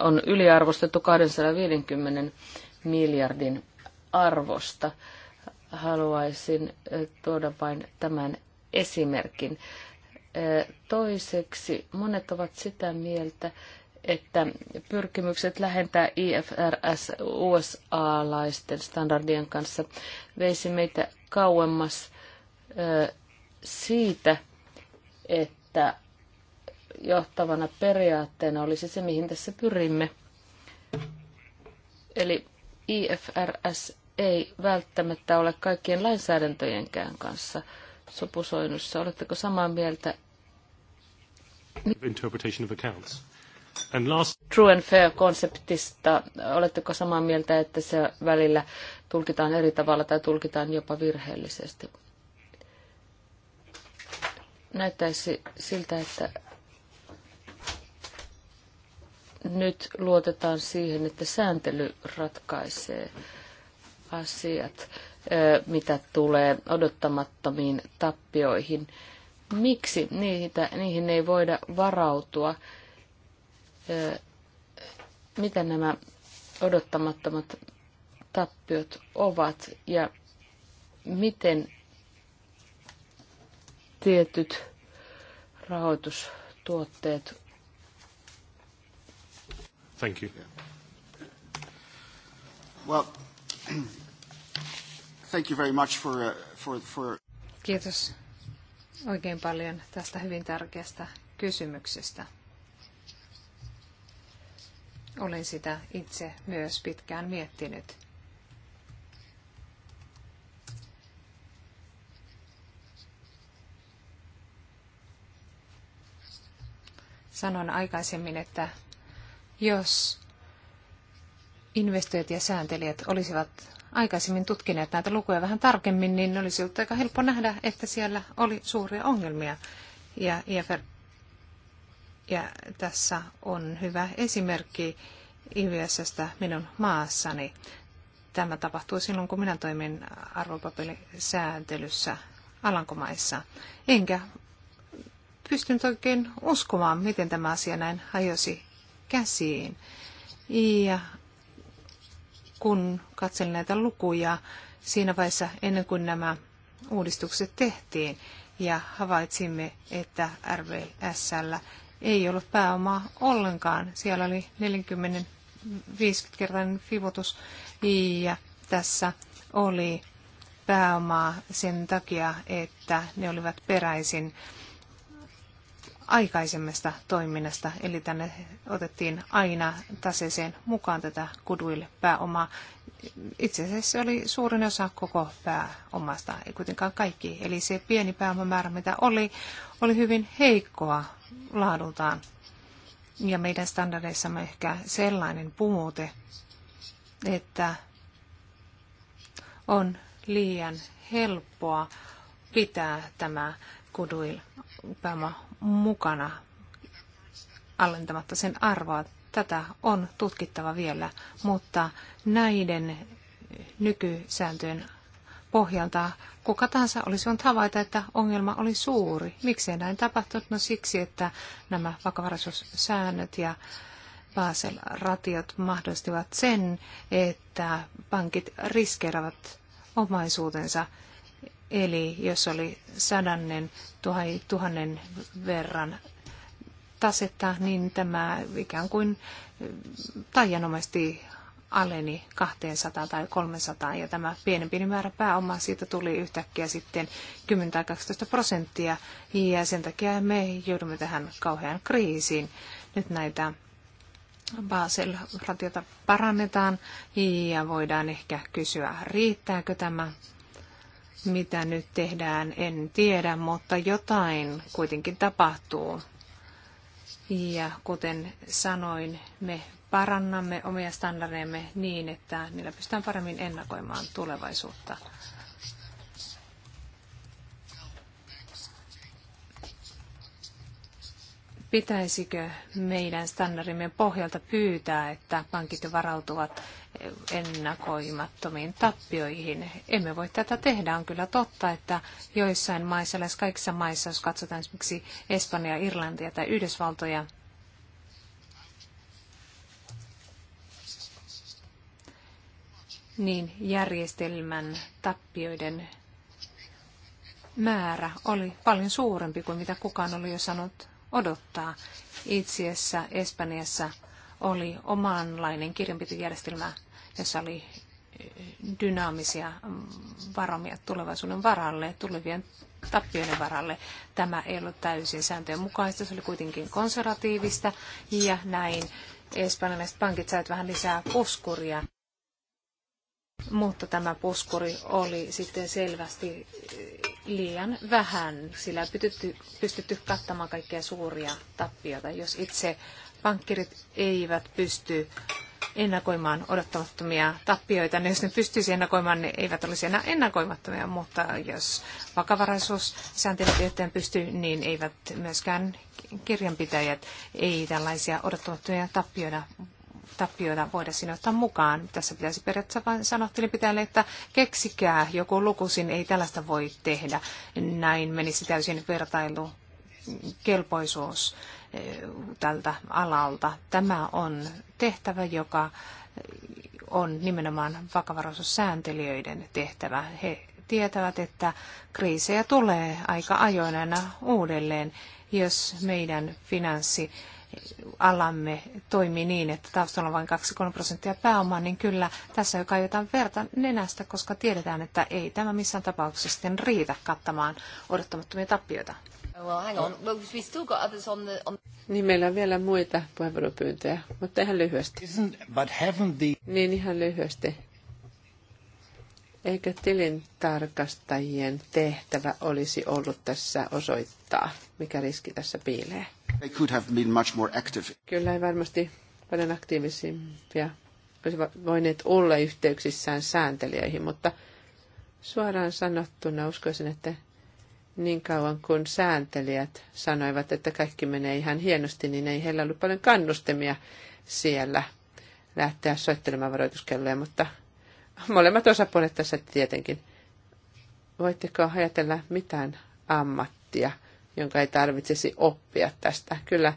S2: on yliarvostettu 250 miljardin arvosta. Haluaisin tuoda vain tämän esimerkin. Toiseksi monet ovat sitä mieltä, että pyrkimykset lähentää IFRS USA-laisten standardien kanssa veisi meitä kauemmas siitä, että johtavana periaatteena olisi se, mihin tässä pyrimme. Eli IFRS ei välttämättä ole kaikkien lainsäädäntöjenkään kanssa sopusoinnussa. Oletteko samaa mieltä?
S1: Interpretation of accounts. And last...
S2: True and fair-konseptista, oletteko samaa mieltä, että se välillä tulkitaan eri tavalla tai tulkitaan jopa virheellisesti? Näyttäisi siltä, että nyt luotetaan siihen, että sääntely ratkaisee asiat, mitä tulee odottamattomiin tappioihin. Miksi niitä, niihin ei voida varautua? Mitä nämä odottamattomat tappiot ovat ja miten tietyt rahoitustuotteet
S3: Thank you. Yeah. Well, *clears throat* thank you very much for, uh, for, for...
S4: Kiitos oikein paljon tästä hyvin tärkeästä kysymyksestä. Olen sitä itse myös pitkään miettinyt. Sanoin aikaisemmin, että jos investoijat ja sääntelijät olisivat aikaisemmin tutkineet näitä lukuja vähän tarkemmin, niin olisi ollut aika helppo nähdä, että siellä oli suuria ongelmia. Ja, ja, ja tässä on hyvä esimerkki IVSstä minun maassani. Tämä tapahtui silloin, kun minä toimin arvopapelisääntelyssä Alankomaissa. Enkä pystynyt oikein uskomaan, miten tämä asia näin hajosi käsiin. Ja kun katselin näitä lukuja siinä vaiheessa ennen kuin nämä uudistukset tehtiin ja havaitsimme, että RVSL ei ollut pääomaa ollenkaan. Siellä oli
S3: 40-50-kertainen
S4: fivotus ja tässä oli pääomaa sen takia, että ne olivat peräisin aikaisemmasta toiminnasta, eli tänne otettiin aina taseeseen mukaan tätä goodwill pääomaa. Itse asiassa se oli suurin osa koko pääomasta, ei kuitenkaan kaikki. Eli se pieni pääomamäärä, mitä oli, oli hyvin heikkoa laadultaan. Ja meidän standardeissamme ehkä sellainen puute, että on liian helppoa pitää tämä kuduil pääoma mukana allentamatta sen arvoa. Tätä on tutkittava vielä, mutta näiden nykysääntöjen pohjalta kuka tahansa olisi voinut havaita, että ongelma oli suuri. Miksei näin tapahtunut? No siksi, että nämä vakavaraisuussäännöt ja Basel-ratiot mahdollistivat sen, että pankit riskeerävät omaisuutensa Eli jos oli sadannen, tuhai, tuhannen verran tasetta, niin tämä ikään kuin eh, taianomaisesti aleni 200 tai 300 ja tämä pienempi määrä pääomaa siitä tuli yhtäkkiä sitten 10 tai 12 prosenttia ja sen takia me joudumme tähän kauhean kriisiin. Nyt näitä Basel-ratiota parannetaan ja voidaan ehkä kysyä, riittääkö tämä mitä nyt tehdään, en tiedä, mutta jotain kuitenkin tapahtuu. Ja kuten sanoin, me parannamme omia standardeemme niin, että niillä pystytään paremmin ennakoimaan tulevaisuutta. Pitäisikö meidän standardimme pohjalta pyytää, että pankit varautuvat ennakoimattomiin tappioihin. Emme voi tätä tehdä. On kyllä totta, että joissain maissa, lähes kaikissa maissa, jos katsotaan esimerkiksi Espanjaa, Irlantia tai Yhdysvaltoja, niin järjestelmän tappioiden määrä oli paljon suurempi kuin mitä kukaan oli jo sanonut odottaa. Itse asiassa Espanjassa oli omanlainen kirjanpitojärjestelmä, jossa oli eh, dynaamisia mm, varomia tulevaisuuden varalle, tulevien tappioiden varalle. Tämä ei ollut täysin sääntöjen mukaista, se oli kuitenkin konservatiivista ja näin espanjalaiset pankit saivat vähän lisää puskuria. Mutta tämä puskuri oli sitten selvästi eh, liian vähän, sillä ei pystytty, pystytty kattamaan kaikkia suuria tappioita. Jos itse pankkirit eivät pysty ennakoimaan odottamattomia tappioita. Ne, jos ne pystyisi ennakoimaan, ne eivät olisi enää ennakoimattomia, mutta jos vakavaraisuussääntelyt yhteen pystyy, niin eivät myöskään kirjanpitäjät, ei tällaisia odottamattomia tappioita tappioita voida sinne ottaa mukaan. Tässä pitäisi periaatteessa vain sanoa tilinpitäjälle, että keksikää joku lukusin, ei tällaista voi tehdä. Näin menisi täysin vertailu kelpoisuus tältä alalta. Tämä on tehtävä, joka on nimenomaan vakavaraisuussääntelijöiden tehtävä. He tietävät, että kriisejä tulee aika ajoin aina uudelleen, jos meidän finanssi alamme toimii niin, että taustalla on vain 2-3 prosenttia pääomaa, niin kyllä tässä jo kaiotaan verta nenästä, koska tiedetään, että ei tämä missään tapauksessa sitten riitä kattamaan odottamattomia tappioita.
S2: Well, hang on. Well, still got others on the,
S1: on... Niin meillä on vielä muita puheenvuoropyyntöjä, mutta ihan lyhyesti. Isn't, but haven't the... Niin ihan lyhyesti. Eikö tilintarkastajien tehtävä olisi ollut tässä osoittaa, mikä riski tässä piilee?
S3: They could have been much more active.
S1: Kyllä ei varmasti paljon aktiivisimpia olisi voineet olla yhteyksissään sääntelijöihin, mutta suoraan sanottuna uskoisin, että niin kauan kun sääntelijät sanoivat, että kaikki menee ihan hienosti, niin ei heillä ollut paljon kannustimia siellä lähteä soittelemaan varoituskelloja, mutta molemmat osapuolet tässä tietenkin. Voitteko ajatella mitään ammattia, jonka ei tarvitsisi oppia tästä? Kyllä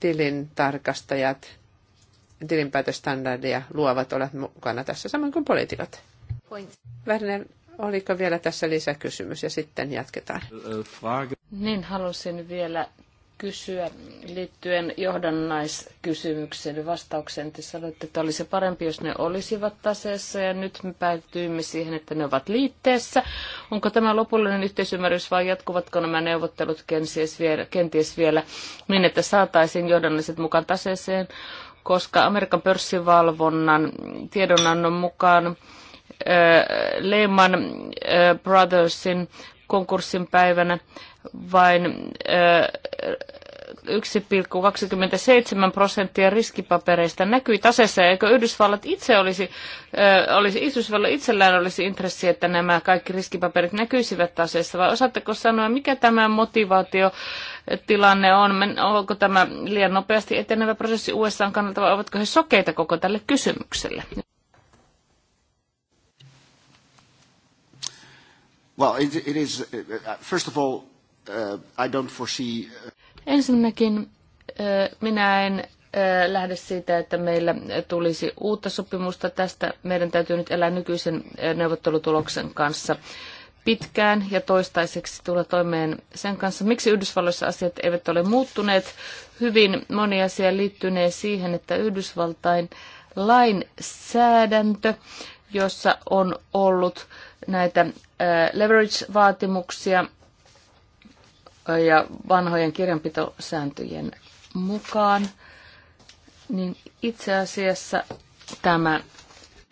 S1: tilintarkastajat, tilinpäätöstandardia luovat olla mukana tässä, samoin kuin poliitikot. Point. Werner, Oliko vielä tässä lisäkysymys ja sitten jatketaan?
S2: Niin, halusin vielä kysyä liittyen johdannaiskysymykseen vastaukseen. Te sanoitte, että olisi parempi, jos ne olisivat taseessa ja nyt me päätyimme siihen, että ne ovat liitteessä. Onko tämä lopullinen yhteisymmärrys vai jatkuvatko nämä neuvottelut kenties vielä, kenties vielä niin, että saataisiin johdannaiset mukaan taseeseen? Koska Amerikan pörssivalvonnan tiedonannon mukaan Lehman Brothersin konkurssin päivänä vain 1,27 prosenttia riskipapereista näkyi tasessa, eikö Yhdysvallat itse olisi, olisi Yhdysvallat itsellään olisi intressi, että nämä kaikki riskipaperit näkyisivät tasessa, vai osaatteko sanoa, mikä tämä motivaatio tilanne on, onko tämä liian nopeasti etenevä prosessi USA kannalta, vai ovatko he sokeita koko tälle kysymykselle?
S3: Well, it, it is, uh, uh, first of all, uh, I don't foresee... Uh,
S2: Ensinnäkin minä en lähde siitä, että meillä tulisi uutta sopimusta tästä. Meidän täytyy nyt elää nykyisen neuvottelutuloksen kanssa pitkään ja toistaiseksi tulla toimeen sen kanssa. Miksi Yhdysvalloissa asiat eivät ole muuttuneet? Hyvin moni asia liittynee siihen, että Yhdysvaltain lainsäädäntö, jossa on ollut näitä leverage-vaatimuksia ja vanhojen kirjanpitosääntöjen mukaan, niin itse asiassa
S3: tämä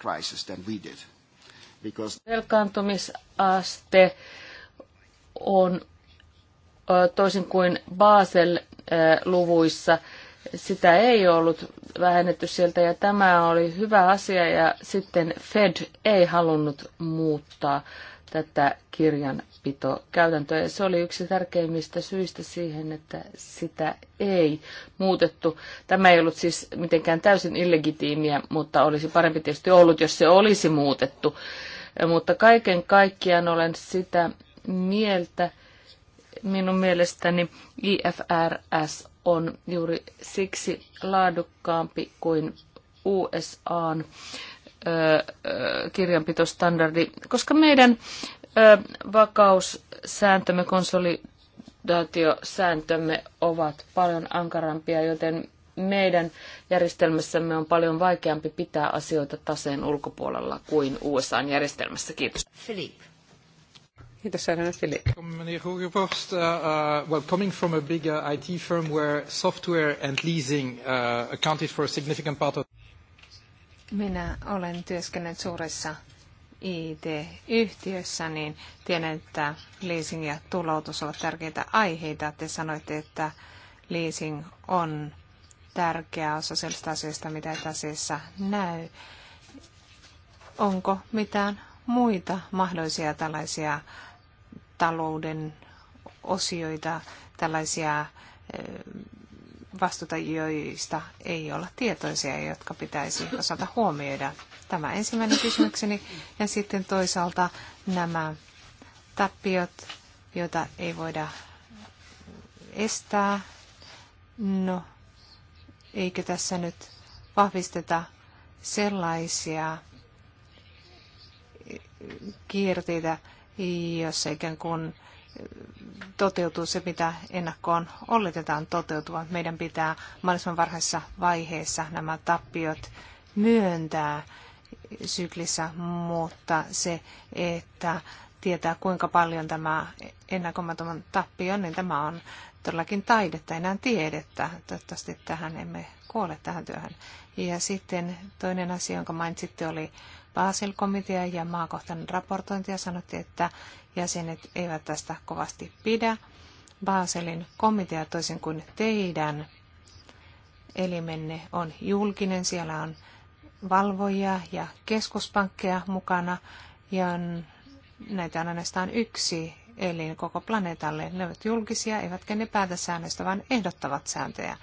S3: crisis we did. Because
S2: Velkaantumisaste on toisin kuin Basel-luvuissa sitä ei ollut vähennetty sieltä ja tämä oli hyvä asia ja sitten Fed ei halunnut muuttaa tätä kirjanpitokäytäntöä. Ja se oli yksi tärkeimmistä syistä siihen, että sitä ei muutettu. Tämä ei ollut siis mitenkään täysin illegitiimiä, mutta olisi parempi tietysti ollut, jos se olisi muutettu. Mutta kaiken kaikkiaan olen sitä mieltä, minun mielestäni IFRS on juuri siksi laadukkaampi kuin USAn kirjanpitostandardi, koska meidän vakaussääntömme, konsolidaatiosääntömme ovat paljon ankarampia, joten meidän järjestelmässämme on paljon vaikeampi pitää asioita taseen ulkopuolella kuin USAn järjestelmässä. Kiitos. Philippe.
S1: Filip. Uh,
S3: uh, well, coming from a big uh, IT firm where software and leasing uh, accounted for a significant part of...
S4: Minä olen työskennellyt suuressa IT-yhtiössä, niin tiedän, että leasing ja tuloutus ovat tärkeitä aiheita. Te sanoitte, että leasing on tärkeä osa sellaista asioista, mitä et asiassa näy. Onko mitään muita mahdollisia tällaisia talouden osioita, tällaisia eh, vastuuta, ei olla tietoisia, jotka pitäisi osata huomioida. Tämä ensimmäinen kysymykseni. Ja sitten toisaalta nämä tappiot, joita ei voida estää. No, eikö tässä nyt vahvisteta sellaisia kierteitä, jossa ikään kuin toteutuu se, mitä ennakkoon oletetaan toteutuvan. Meidän pitää mahdollisimman varhaisessa vaiheessa nämä tappiot myöntää syklissä, mutta se, että tietää kuinka paljon tämä ennakomaton tappio on, niin tämä on todellakin taidetta, enää tiedettä. Toivottavasti tähän emme kuole tähän työhön. Ja sitten toinen asia, jonka mainitsitte, oli Basel-komitea ja maakohtainen raportointi ja sanottiin, että jäsenet eivät tästä kovasti pidä. Baselin komitea toisin kuin teidän elimenne on julkinen, siellä on valvojia ja keskuspankkeja mukana ja on, näitä on ainoastaan yksi elin koko planeetalle. Ne ovat julkisia, eivätkä ne päätä säännöistä, vaan ehdottavat sääntöjä.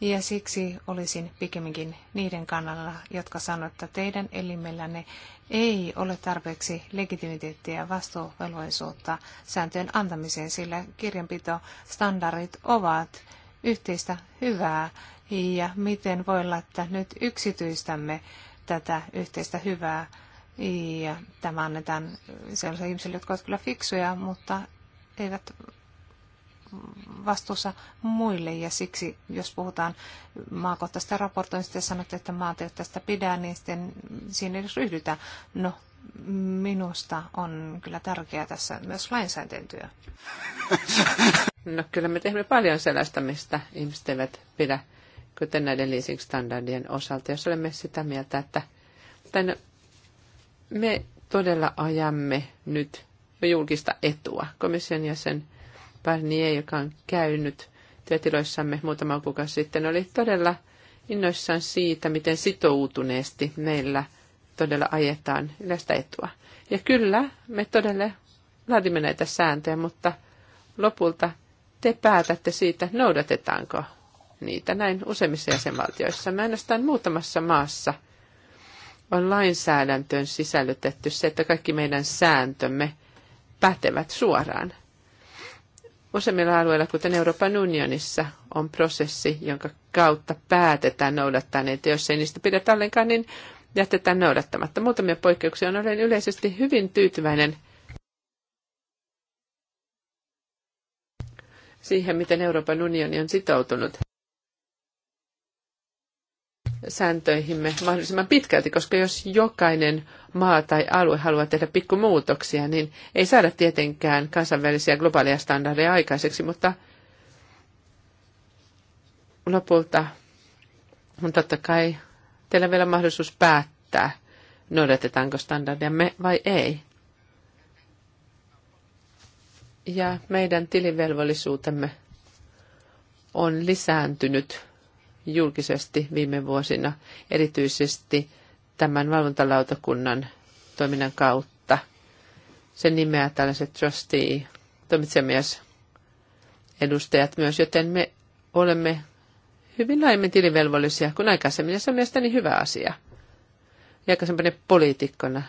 S4: Ja siksi olisin pikemminkin niiden kannalla, jotka sanovat, että teidän elimellänne ei ole tarpeeksi legitimiteettiä ja vastuuvelvollisuutta sääntöjen antamiseen, sillä kirjanpitostandardit ovat yhteistä hyvää. Ja miten voi olla, että nyt yksityistämme tätä yhteistä hyvää ja tämä annetaan sellaisille ihmisille, jotka ovat kyllä fiksuja, mutta eivät vastuussa muille ja siksi, jos puhutaan maakohtaisesta raportoinnista ja sanotte, että maat eivät tästä pidä, niin sitten siinä edes ryhdytään. No, minusta on kyllä tärkeää tässä myös lainsäädäntötyö. *laughs* No
S1: kyllä me teemme paljon sellaista, mistä ihmiset eivät pidä, kuten näiden leasing-standardien osalta, jos olemme sitä mieltä, että tämän, no, me todella ajamme nyt julkista etua. Komission jäsen Barnier, joka on käynyt työtiloissamme muutama kuukausi sitten, oli todella innoissaan siitä, miten sitoutuneesti meillä todella ajetaan yleistä etua. Ja kyllä, me todella laadimme näitä sääntöjä, mutta lopulta te päätätte siitä, noudatetaanko niitä näin useimmissa jäsenvaltioissa. Mä ainoastaan muutamassa maassa on lainsäädäntöön sisällytetty se, että kaikki meidän sääntömme pätevät suoraan. Useimmilla alueilla, kuten Euroopan unionissa, on prosessi, jonka kautta päätetään noudattaa niitä. Jos ei niistä pidetä ollenkaan, niin jätetään noudattamatta. Muutamia poikkeuksia on olen yleisesti hyvin tyytyväinen siihen, miten Euroopan unioni on sitoutunut sääntöihimme mahdollisimman pitkälti, koska jos jokainen maa tai alue haluaa tehdä pikkumuutoksia, niin ei saada tietenkään kansainvälisiä globaaleja standardeja aikaiseksi, mutta lopulta on totta kai teillä vielä mahdollisuus päättää, noudatetaanko standardiamme vai ei. Ja meidän tilivelvollisuutemme on lisääntynyt julkisesti viime vuosina, erityisesti tämän valvontalautakunnan toiminnan kautta. sen nimeä tällaiset trustee, toimitsemies edustajat myös, joten me olemme hyvin laajemmin tilivelvollisia kuin aikaisemmin, ja se on mielestäni hyvä asia. Ja aikaisemmin poliitikkona.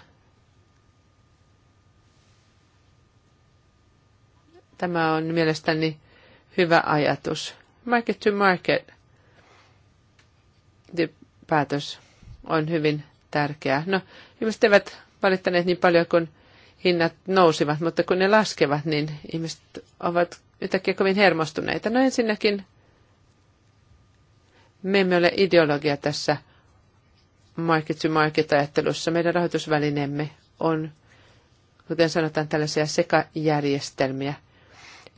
S1: Tämä on mielestäni hyvä ajatus. Market to market – päätös on hyvin tärkeä. No, ihmiset eivät valittaneet niin paljon kun hinnat nousivat, mutta kun ne laskevat, niin ihmiset ovat yhtäkkiä kovin hermostuneita. No ensinnäkin me emme ole ideologia tässä market to market ajattelussa. Meidän rahoitusvälineemme on, kuten sanotaan, tällaisia sekajärjestelmiä.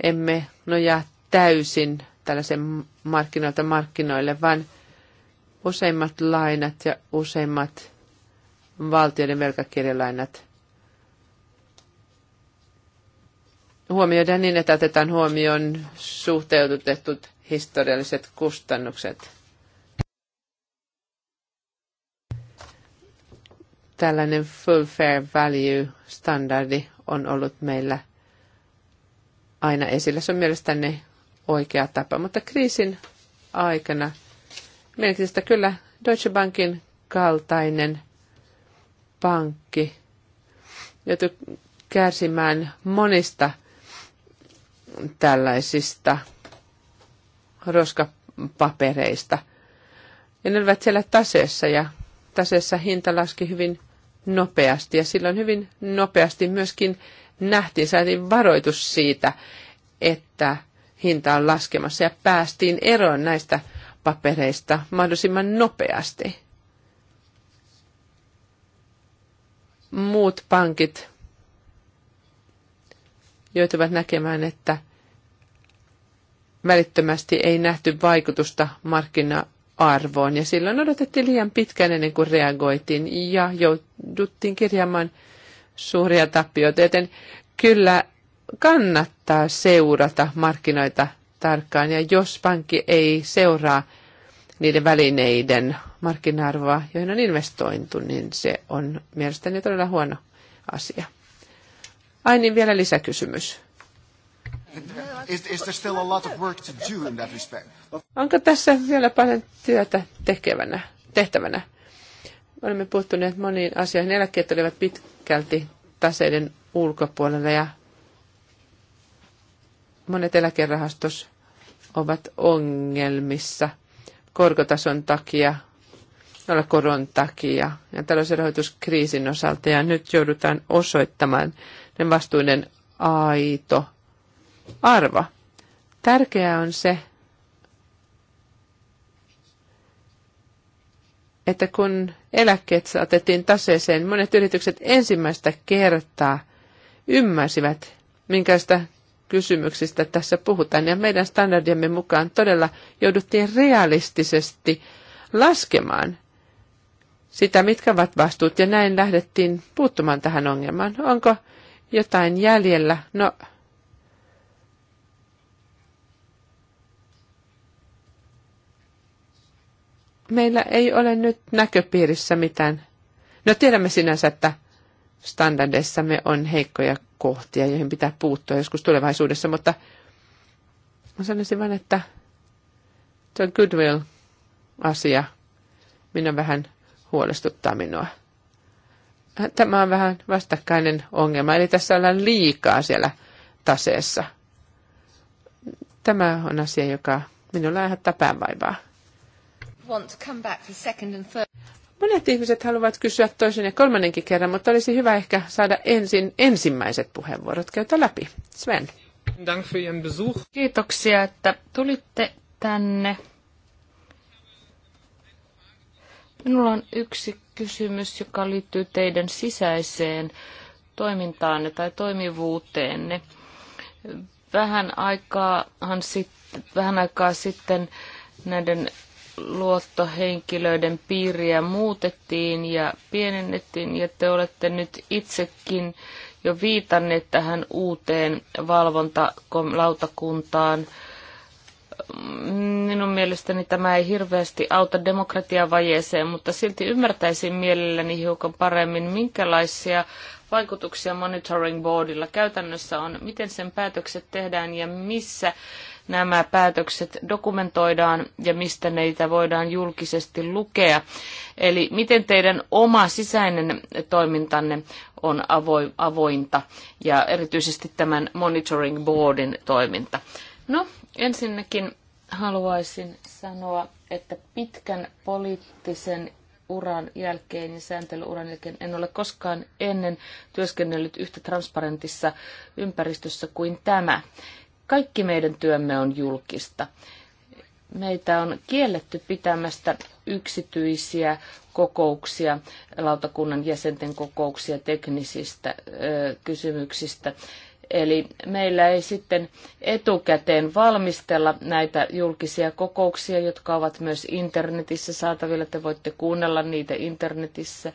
S1: Emme nojaa täysin tällaisen markkinoilta markkinoille, vaan – Useimmat lainat ja useimmat valtioiden velkakirjalainat huomioidaan niin, että otetaan huomioon suhteutetut historialliset kustannukset. Tällainen full fair value-standardi on ollut meillä aina esillä. Se on mielestäni oikea tapa, mutta kriisin aikana – merkitystä. Kyllä Deutsche Bankin kaltainen pankki joutui kärsimään monista tällaisista roskapapereista. Ja ne olivat siellä taseessa ja taseessa hinta laski hyvin nopeasti ja silloin hyvin nopeasti myöskin nähtiin, saatiin varoitus siitä, että hinta on laskemassa ja päästiin eroon näistä papereista mahdollisimman nopeasti. Muut pankit joutuvat näkemään, että välittömästi ei nähty vaikutusta markkina-arvoon ja silloin odotettiin liian pitkään ennen kuin reagoitiin ja jouduttiin kirjaamaan suuria tappioita, joten kyllä kannattaa seurata markkinoita tarkkaan. Ja jos pankki ei seuraa niiden välineiden markkina-arvoa, joihin on investointu, niin se on mielestäni todella huono asia. Ai niin, vielä lisäkysymys. Onko tässä vielä paljon työtä tekevänä, tehtävänä? Olemme puuttuneet moniin asioihin. Eläkkeet olivat pitkälti taseiden ulkopuolella ja monet eläkerahastos ovat ongelmissa korkotason takia, koron takia ja tällaisen rahoituskriisin osalta. Ja nyt joudutaan osoittamaan ne vastuinen aito arvo. Tärkeää on se, että kun eläkkeet saatettiin taseeseen, monet yritykset ensimmäistä kertaa ymmärsivät, minkästä kysymyksistä tässä puhutaan. Ja meidän standardiemme mukaan todella jouduttiin realistisesti laskemaan sitä, mitkä ovat vastuut, ja näin lähdettiin puuttumaan tähän ongelmaan. Onko jotain jäljellä? No, meillä ei ole nyt näköpiirissä mitään. No tiedämme sinänsä, että standardeissamme on heikkoja epäkohtia, joihin pitää puuttua joskus tulevaisuudessa, mutta mä sanoisin vain, että tuo Goodwill-asia minä vähän huolestuttaa minua. Tämä on vähän vastakkainen ongelma, eli tässä ollaan liikaa siellä taseessa. Tämä on asia, joka minulla aiheuttaa päänvaivaa.
S4: Monet ihmiset
S1: haluavat kysyä toisen ja kolmannenkin kerran, mutta olisi hyvä ehkä saada ensin ensimmäiset puheenvuorot käytä läpi. Sven.
S2: Kiitoksia, että tulitte tänne. Minulla on yksi kysymys, joka liittyy teidän sisäiseen toimintaanne tai toimivuuteenne. Vähän aikaa, vähän aikaa sitten näiden luottohenkilöiden piiriä muutettiin ja pienennettiin, ja te olette nyt itsekin jo viitanneet tähän uuteen valvontalautakuntaan. Minun mielestäni tämä ei hirveästi auta demokratiavajeeseen, mutta silti ymmärtäisin mielelläni hiukan paremmin, minkälaisia vaikutuksia monitoring boardilla käytännössä on, miten sen päätökset tehdään ja missä nämä päätökset dokumentoidaan ja mistä neitä voidaan julkisesti lukea. Eli miten teidän oma sisäinen toimintanne on avointa ja erityisesti tämän monitoring boardin toiminta. No, ensinnäkin haluaisin sanoa, että pitkän poliittisen uran jälkeen ja sääntelyuran jälkeen en ole koskaan ennen työskennellyt yhtä transparentissa ympäristössä kuin tämä. Kaikki meidän työmme on julkista. Meitä on kielletty pitämästä yksityisiä kokouksia, lautakunnan jäsenten kokouksia teknisistä ö, kysymyksistä. Eli meillä ei sitten etukäteen valmistella näitä julkisia kokouksia, jotka ovat myös internetissä saatavilla. Te voitte kuunnella niitä internetissä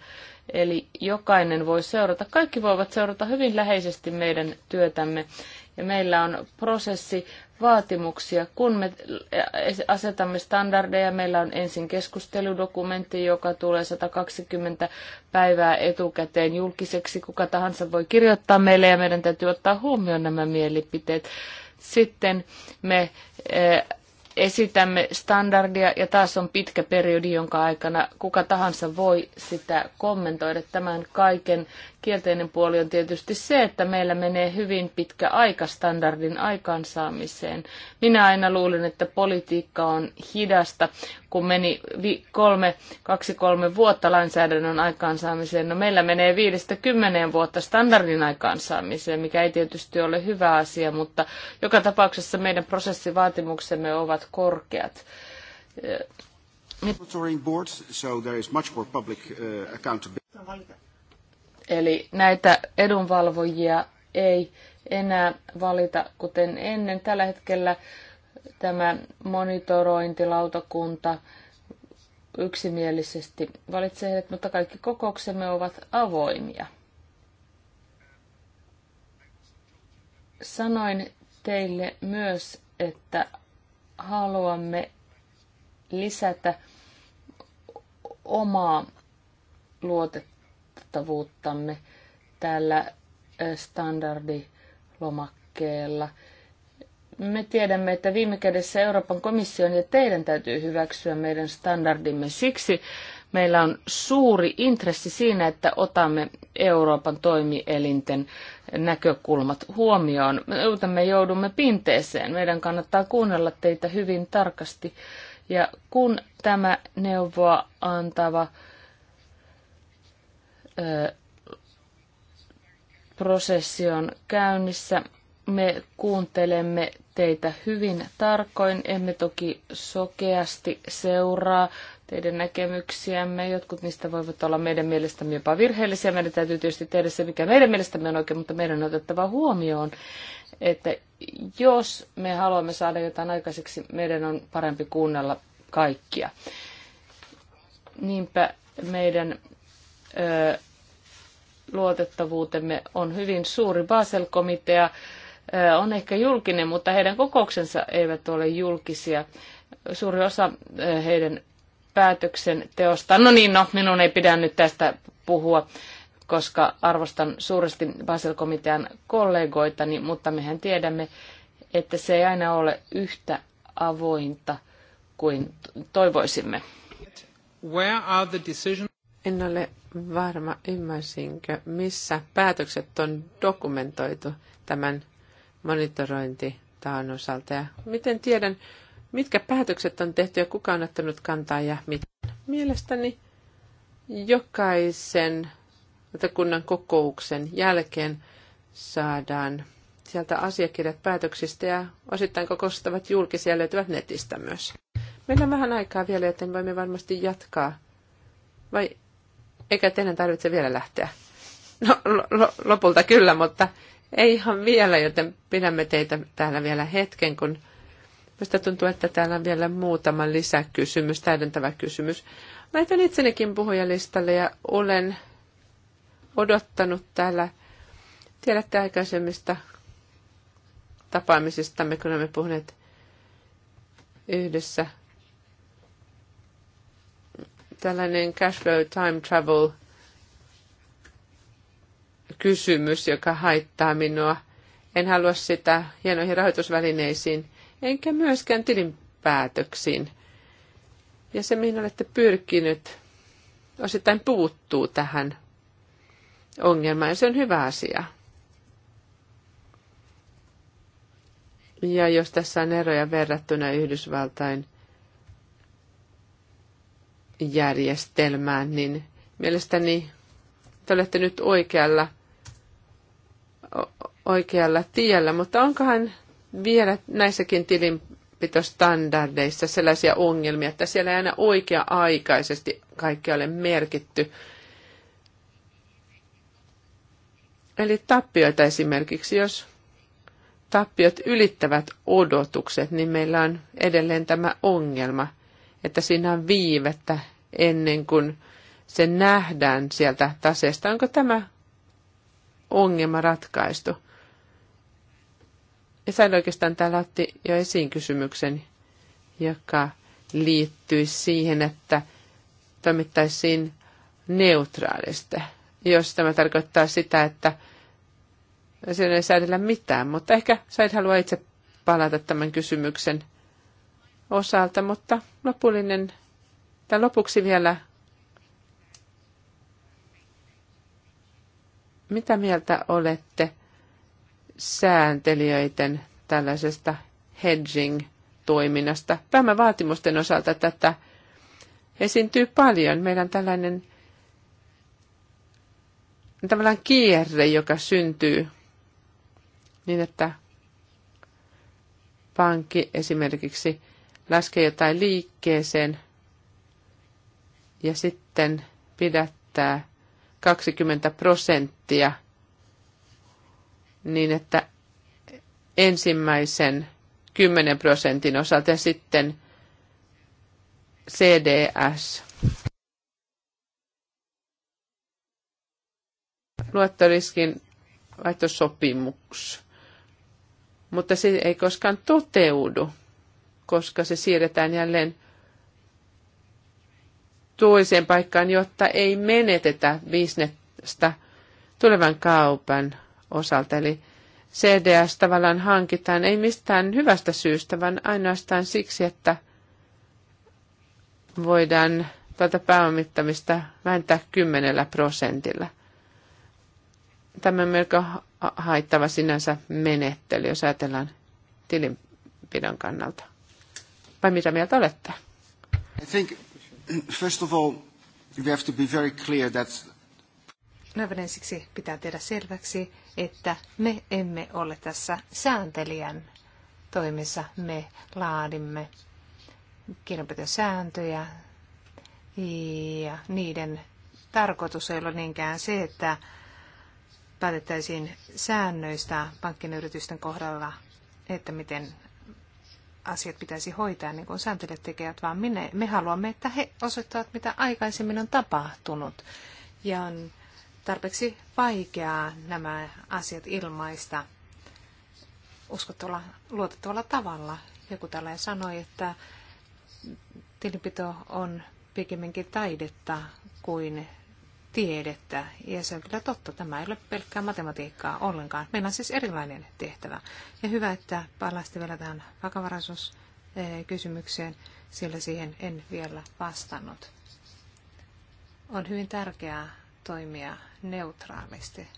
S2: Eli jokainen voi seurata, kaikki voivat seurata hyvin läheisesti meidän työtämme. Ja meillä on prosessi vaatimuksia, kun me eh, asetamme standardeja. Meillä on ensin keskusteludokumentti, joka tulee 120 päivää etukäteen julkiseksi. Kuka tahansa voi kirjoittaa meille ja meidän täytyy ottaa huomioon nämä mielipiteet. Sitten me eh, esitämme standardia ja taas on pitkä periodi, jonka aikana kuka tahansa voi sitä kommentoida. Tämän kaiken Kielteinen puoli on tietysti se, että meillä menee hyvin pitkä aika standardin aikaansaamiseen. Minä aina luulin, että politiikka on hidasta, kun meni vi- kolme, kaksi kolme vuotta lainsäädännön aikaansaamiseen. No meillä menee viidestä kymmeneen vuotta standardin aikaansaamiseen, mikä ei tietysti ole hyvä asia, mutta joka tapauksessa meidän prosessivaatimuksemme ovat korkeat.
S3: Boards, so there is much more public uh, accountability.
S2: Eli näitä edunvalvojia ei enää valita kuten ennen. Tällä hetkellä tämä monitorointilautakunta yksimielisesti valitsee heidät, mutta kaikki kokouksemme ovat avoimia. Sanoin teille myös, että haluamme lisätä omaa luotettavuutta uskottavuuttamme tällä standardilomakkeella. Me tiedämme, että viime kädessä Euroopan komission ja teidän täytyy hyväksyä meidän standardimme. Siksi meillä on suuri intressi siinä, että otamme Euroopan toimielinten näkökulmat huomioon. Me, me joudumme pinteeseen. Meidän kannattaa kuunnella teitä hyvin tarkasti. Ja kun tämä neuvoa antava prosessi on käynnissä. Me kuuntelemme teitä hyvin tarkoin, emme toki sokeasti seuraa teidän näkemyksiämme. Jotkut niistä voivat olla meidän mielestämme jopa virheellisiä. Meidän täytyy tietysti tehdä se, mikä meidän mielestämme on oikein, mutta meidän on otettava huomioon, että jos me haluamme saada jotain aikaiseksi, meidän on parempi kuunnella kaikkia. Niinpä meidän Öö, luotettavuutemme on hyvin suuri. Basel-komitea eh, on ehkä julkinen, mutta heidän kokouksensa eivät ole julkisia. Suuri osa eh, heidän päätöksenteosta. No niin, no, minun ei pidä nyt tästä puhua, koska arvostan suuresti Basel-komitean kollegoitani, mutta mehän tiedämme, että se ei aina ole yhtä avointa kuin toivoisimme.
S1: Where are the decisions? En ole varma, ymmärsinkö, missä päätökset on dokumentoitu tämän monitorointitaan osalta ja miten tiedän, mitkä päätökset on tehty ja kuka on ottanut kantaa ja mitä. Mielestäni jokaisen kunnan kokouksen jälkeen saadaan sieltä asiakirjat päätöksistä ja osittain kokoustavat julkisia löytyvät netistä myös. Meillä on vähän aikaa vielä, joten voimme varmasti jatkaa. Vai eikä teidän tarvitse vielä lähteä. No, lopulta kyllä, mutta ei ihan vielä, joten pidämme teitä täällä vielä hetken, kun Minusta tuntuu, että täällä on vielä muutama lisäkysymys, täydentävä kysymys. Laitan itsenekin puhujalistalle ja olen odottanut täällä, tiedätte aikaisemmista tapaamisistamme, kun olemme puhuneet yhdessä tällainen cash flow time travel kysymys, joka haittaa minua. En halua sitä hienoihin rahoitusvälineisiin, enkä myöskään tilinpäätöksiin. Ja se, mihin olette pyrkinyt, osittain puuttuu tähän ongelmaan, ja se on hyvä asia. Ja jos tässä on eroja verrattuna Yhdysvaltain – järjestelmään, niin mielestäni te olette nyt oikealla, oikealla tiellä, mutta onkohan vielä näissäkin tilinpitostandardeissa sellaisia ongelmia, että siellä ei aina oikea-aikaisesti kaikki ole merkitty. Eli tappioita esimerkiksi, jos tappiot ylittävät odotukset, niin meillä on edelleen tämä ongelma – että siinä on viivettä ennen kuin se nähdään sieltä taseesta. Onko tämä ongelma ratkaistu? Ja sain oikeastaan täällä otti jo esiin kysymyksen, joka liittyy siihen, että toimittaisiin neutraalista, jos tämä tarkoittaa sitä, että siinä ei säädellä mitään, mutta ehkä et halua itse palata tämän kysymyksen osalta, mutta lopullinen, tai lopuksi vielä, mitä mieltä olette sääntelijöiden tällaisesta hedging-toiminnasta? vaatimusten osalta tätä esiintyy paljon. Meidän tällainen tavallaan kierre, joka syntyy niin, että pankki esimerkiksi laskee jotain liikkeeseen ja sitten pidättää 20 prosenttia niin, että ensimmäisen 10 prosentin osalta ja sitten CDS. Luottoriskin vaihtosopimus, mutta se ei koskaan toteudu koska se siirretään jälleen toiseen paikkaan, jotta ei menetetä bisnestä tulevan kaupan osalta. Eli CDS tavallaan hankitaan ei mistään hyvästä syystä, vaan ainoastaan siksi, että voidaan tuota pääomittamista vähentää kymmenellä prosentilla. Tämä on melko haittava sinänsä menettely, jos ajatellaan tilinpidon kannalta vai mitä mieltä
S4: olette?
S3: I think, first of all, we have to be very clear that
S4: no, aivan ensiksi pitää tehdä selväksi, että me emme ole tässä sääntelijän toimissa. Me laadimme kirjanpitosääntöjä ja niiden tarkoitus ei ole niinkään se, että päätettäisiin säännöistä pankkien yritysten kohdalla, että miten asiat pitäisi hoitaa niin kuin sääntelijät tekevät, vaan minne, me haluamme, että he osoittavat, mitä aikaisemmin on tapahtunut. Ja on tarpeeksi vaikeaa nämä asiat ilmaista uskottavalla, luotettavalla tavalla. Joku tällainen sanoi, että tilinpito on pikemminkin taidetta kuin tiedettä. Ja se on kyllä totta, tämä ei ole pelkkää matematiikkaa ollenkaan. Meillä on siis erilainen tehtävä. Ja hyvä, että palaisitte vielä tähän vakavaraisuuskysymykseen, sillä siihen en vielä vastannut. On hyvin tärkeää toimia neutraalisti.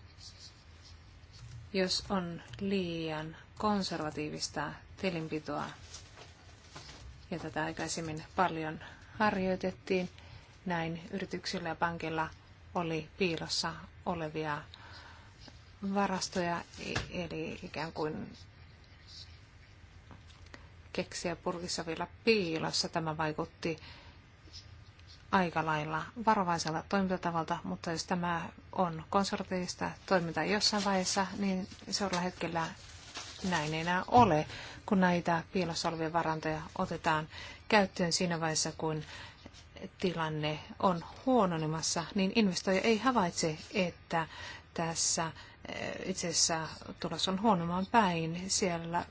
S4: Jos on liian konservatiivista tilinpitoa, ja tätä aikaisemmin paljon harjoitettiin, näin yrityksillä ja pankilla – oli piilossa olevia varastoja, e- eli ikään kuin keksiä purkissa vielä piilossa. Tämä vaikutti aika lailla varovaisella toimintatavalta, mutta jos tämä on konservatiivista toimintaa jossain vaiheessa, niin seuraavalla hetkellä näin ei enää ole, kun näitä piilossa olevia varantoja otetaan käyttöön siinä vaiheessa, kun tilanne on huononemassa, niin investoija ei havaitse, että tässä eh, itse asiassa tulos on huonomman päin. Siellä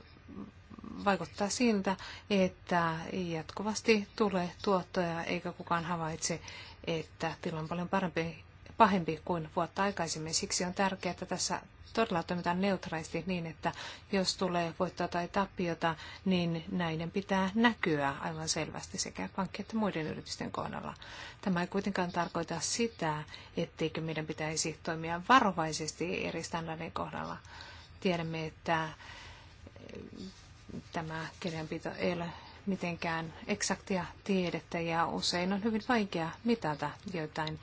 S4: vaikuttaa siltä, että jatkuvasti tulee tuottoja eikä kukaan havaitse, että tilanne on paljon parempi pahempi kuin vuotta aikaisemmin. Siksi on tärkeää, että tässä todella toimitaan neutraalisti niin, että jos tulee voittoa tai tappiota, niin näiden pitää näkyä aivan selvästi sekä pankkien että muiden yritysten kohdalla. Tämä ei kuitenkaan tarkoita sitä, etteikö meidän pitäisi toimia varovaisesti eri standardien kohdalla. Tiedämme, että eh, tämä kirjanpito ei ole mitenkään eksaktia tiedettä ja usein on hyvin vaikea mitata joitain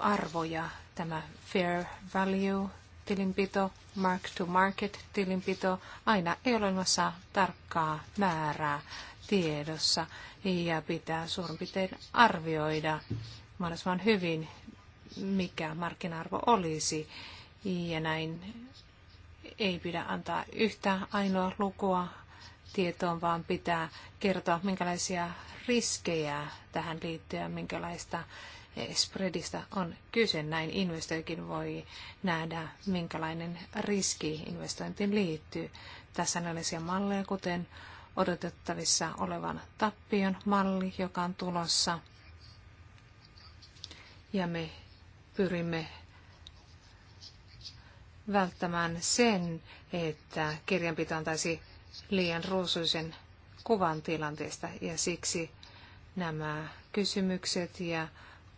S4: arvoja, tämä fair value tilinpito, mark to market tilinpito, aina ei ole olemassa tarkkaa määrää tiedossa ja pitää suurin piirtein arvioida mahdollisimman hyvin, mikä markkina-arvo olisi. Ja näin ei pidä antaa yhtä ainoa lukua tietoon, vaan pitää kertoa, minkälaisia riskejä tähän liittyy ja minkälaista spreadistä on kyse. Näin investoikin voi nähdä, minkälainen riski investointiin liittyy. Tässä on erilaisia malleja, kuten odotettavissa olevan tappion malli, joka on tulossa. Ja me pyrimme välttämään sen, että kirjanpito antaisi liian ruusuisen kuvan tilanteesta ja siksi nämä kysymykset ja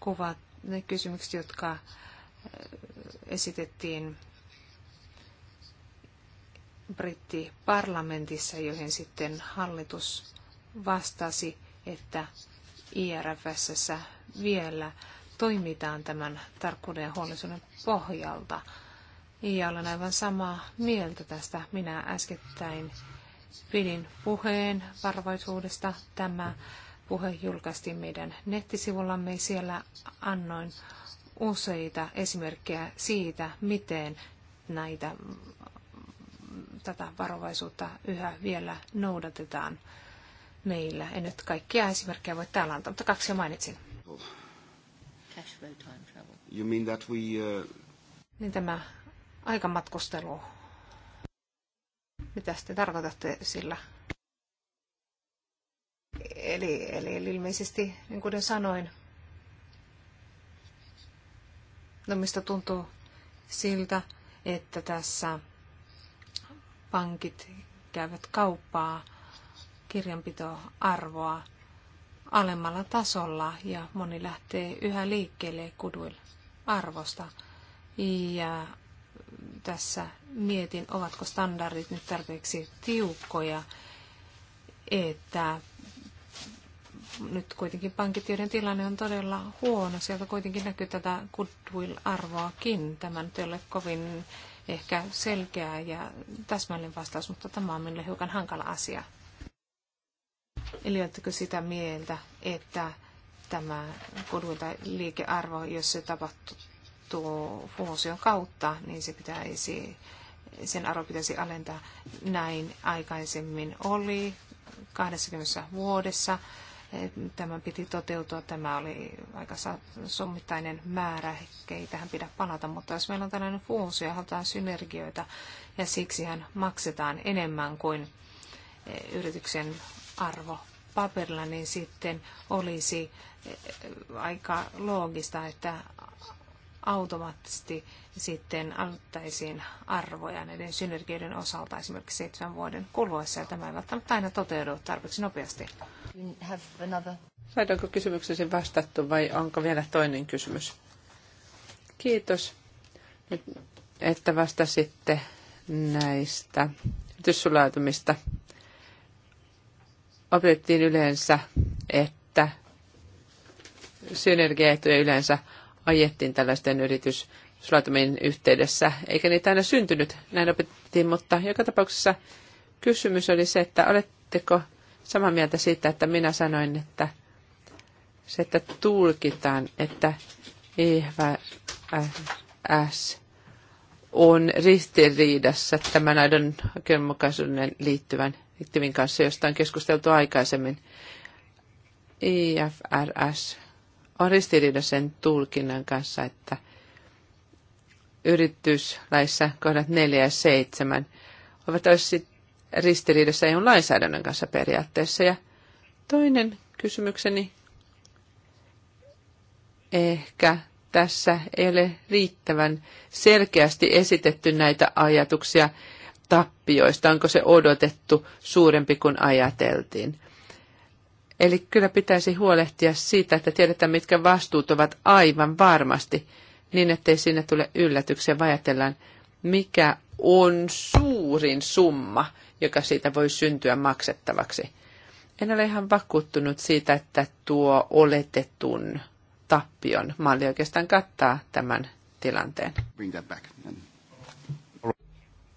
S4: kuvat, ne kysymykset, jotka äh, esitettiin brittiparlamentissa, joihin sitten hallitus vastasi, että IRFSS vielä toimitaan tämän tarkkuuden ja huolellisuuden pohjalta. Ja olen aivan samaa mieltä tästä. Minä äskettäin pidin puheen varovaisuudesta. Tämä puhe julkaistiin meidän nettisivullamme. Siellä annoin useita esimerkkejä siitä, miten näitä, tätä varovaisuutta yhä vielä noudatetaan meillä. En nyt kaikkia esimerkkejä voi täällä antaa, mutta kaksi jo mainitsin.
S3: You mean that we, uh...
S4: Niin tämä aikamatkustelu. Mitä te tarkoitatte sillä? Eli, eli, eli ilmeisesti, niin kuten sanoin, no mistä tuntuu siltä, että tässä pankit käyvät kauppaa kirjanpitoarvoa alemmalla tasolla ja moni lähtee yhä liikkeelle kuduilla arvosta. Ja tässä mietin, ovatko standardit nyt tarpeeksi tiukkoja, että nyt kuitenkin pankit, joiden tilanne on todella huono. Sieltä kuitenkin näkyy tätä goodwill-arvoakin. Tämä nyt ei ole kovin ehkä selkeä ja täsmällinen vastaus, mutta tämä on minulle hiukan hankala asia. Eli oletteko sitä mieltä, että tämä goodwill- tai liikearvo, jos se tapahtuu fuusion kautta, niin se pitäisi, sen arvo pitäisi alentaa. Näin aikaisemmin oli 20 vuodessa Tämän piti toteutua. Tämä oli aika summittainen määrä, ei tähän pidä palata, mutta jos meillä on tällainen fuusio ja halutaan synergioita, ja siksihän maksetaan enemmän kuin eh, yrityksen arvo paperilla, niin sitten olisi eh, aika loogista, että automaattisesti sitten aloittaisiin arvoja näiden synergioiden osalta esimerkiksi seitsemän vuoden kuluessa, ja tämä ei välttämättä aina toteudu tarpeeksi nopeasti.
S1: Saadaanko kysymyksesi vastattu vai onko vielä toinen kysymys? Kiitos, että vastasitte näistä yrityssulaantumista. Opetettiin yleensä, että synergiaetuja yleensä ajettiin tällaisten yrityslaitomien yhteydessä, eikä niitä aina syntynyt, näin opettiin, mutta joka tapauksessa kysymys oli se, että oletteko samaa mieltä siitä, että minä sanoin, että se, että tulkitaan, että IFS e on ristiriidassa tämän aidon oikeudenmukaisuuden liittyvän, liittyvin kanssa, josta on keskusteltu aikaisemmin. IFRS e on sen tulkinnan kanssa, että yrityslaissa kohdat 4 ja 7 ovat olisi ristiriidassa EU-lainsäädännön kanssa periaatteessa. Ja toinen kysymykseni ehkä tässä ei ole riittävän selkeästi esitetty näitä ajatuksia tappioista. Onko se odotettu suurempi kuin ajateltiin? Eli kyllä pitäisi huolehtia siitä, että tiedetään, mitkä vastuut ovat aivan varmasti, niin ettei sinne tule yllätyksiä, vajatellaan, mikä on suurin summa, joka siitä voi syntyä maksettavaksi. En ole ihan vakuuttunut siitä, että tuo oletetun tappion malli oikeastaan kattaa tämän tilanteen.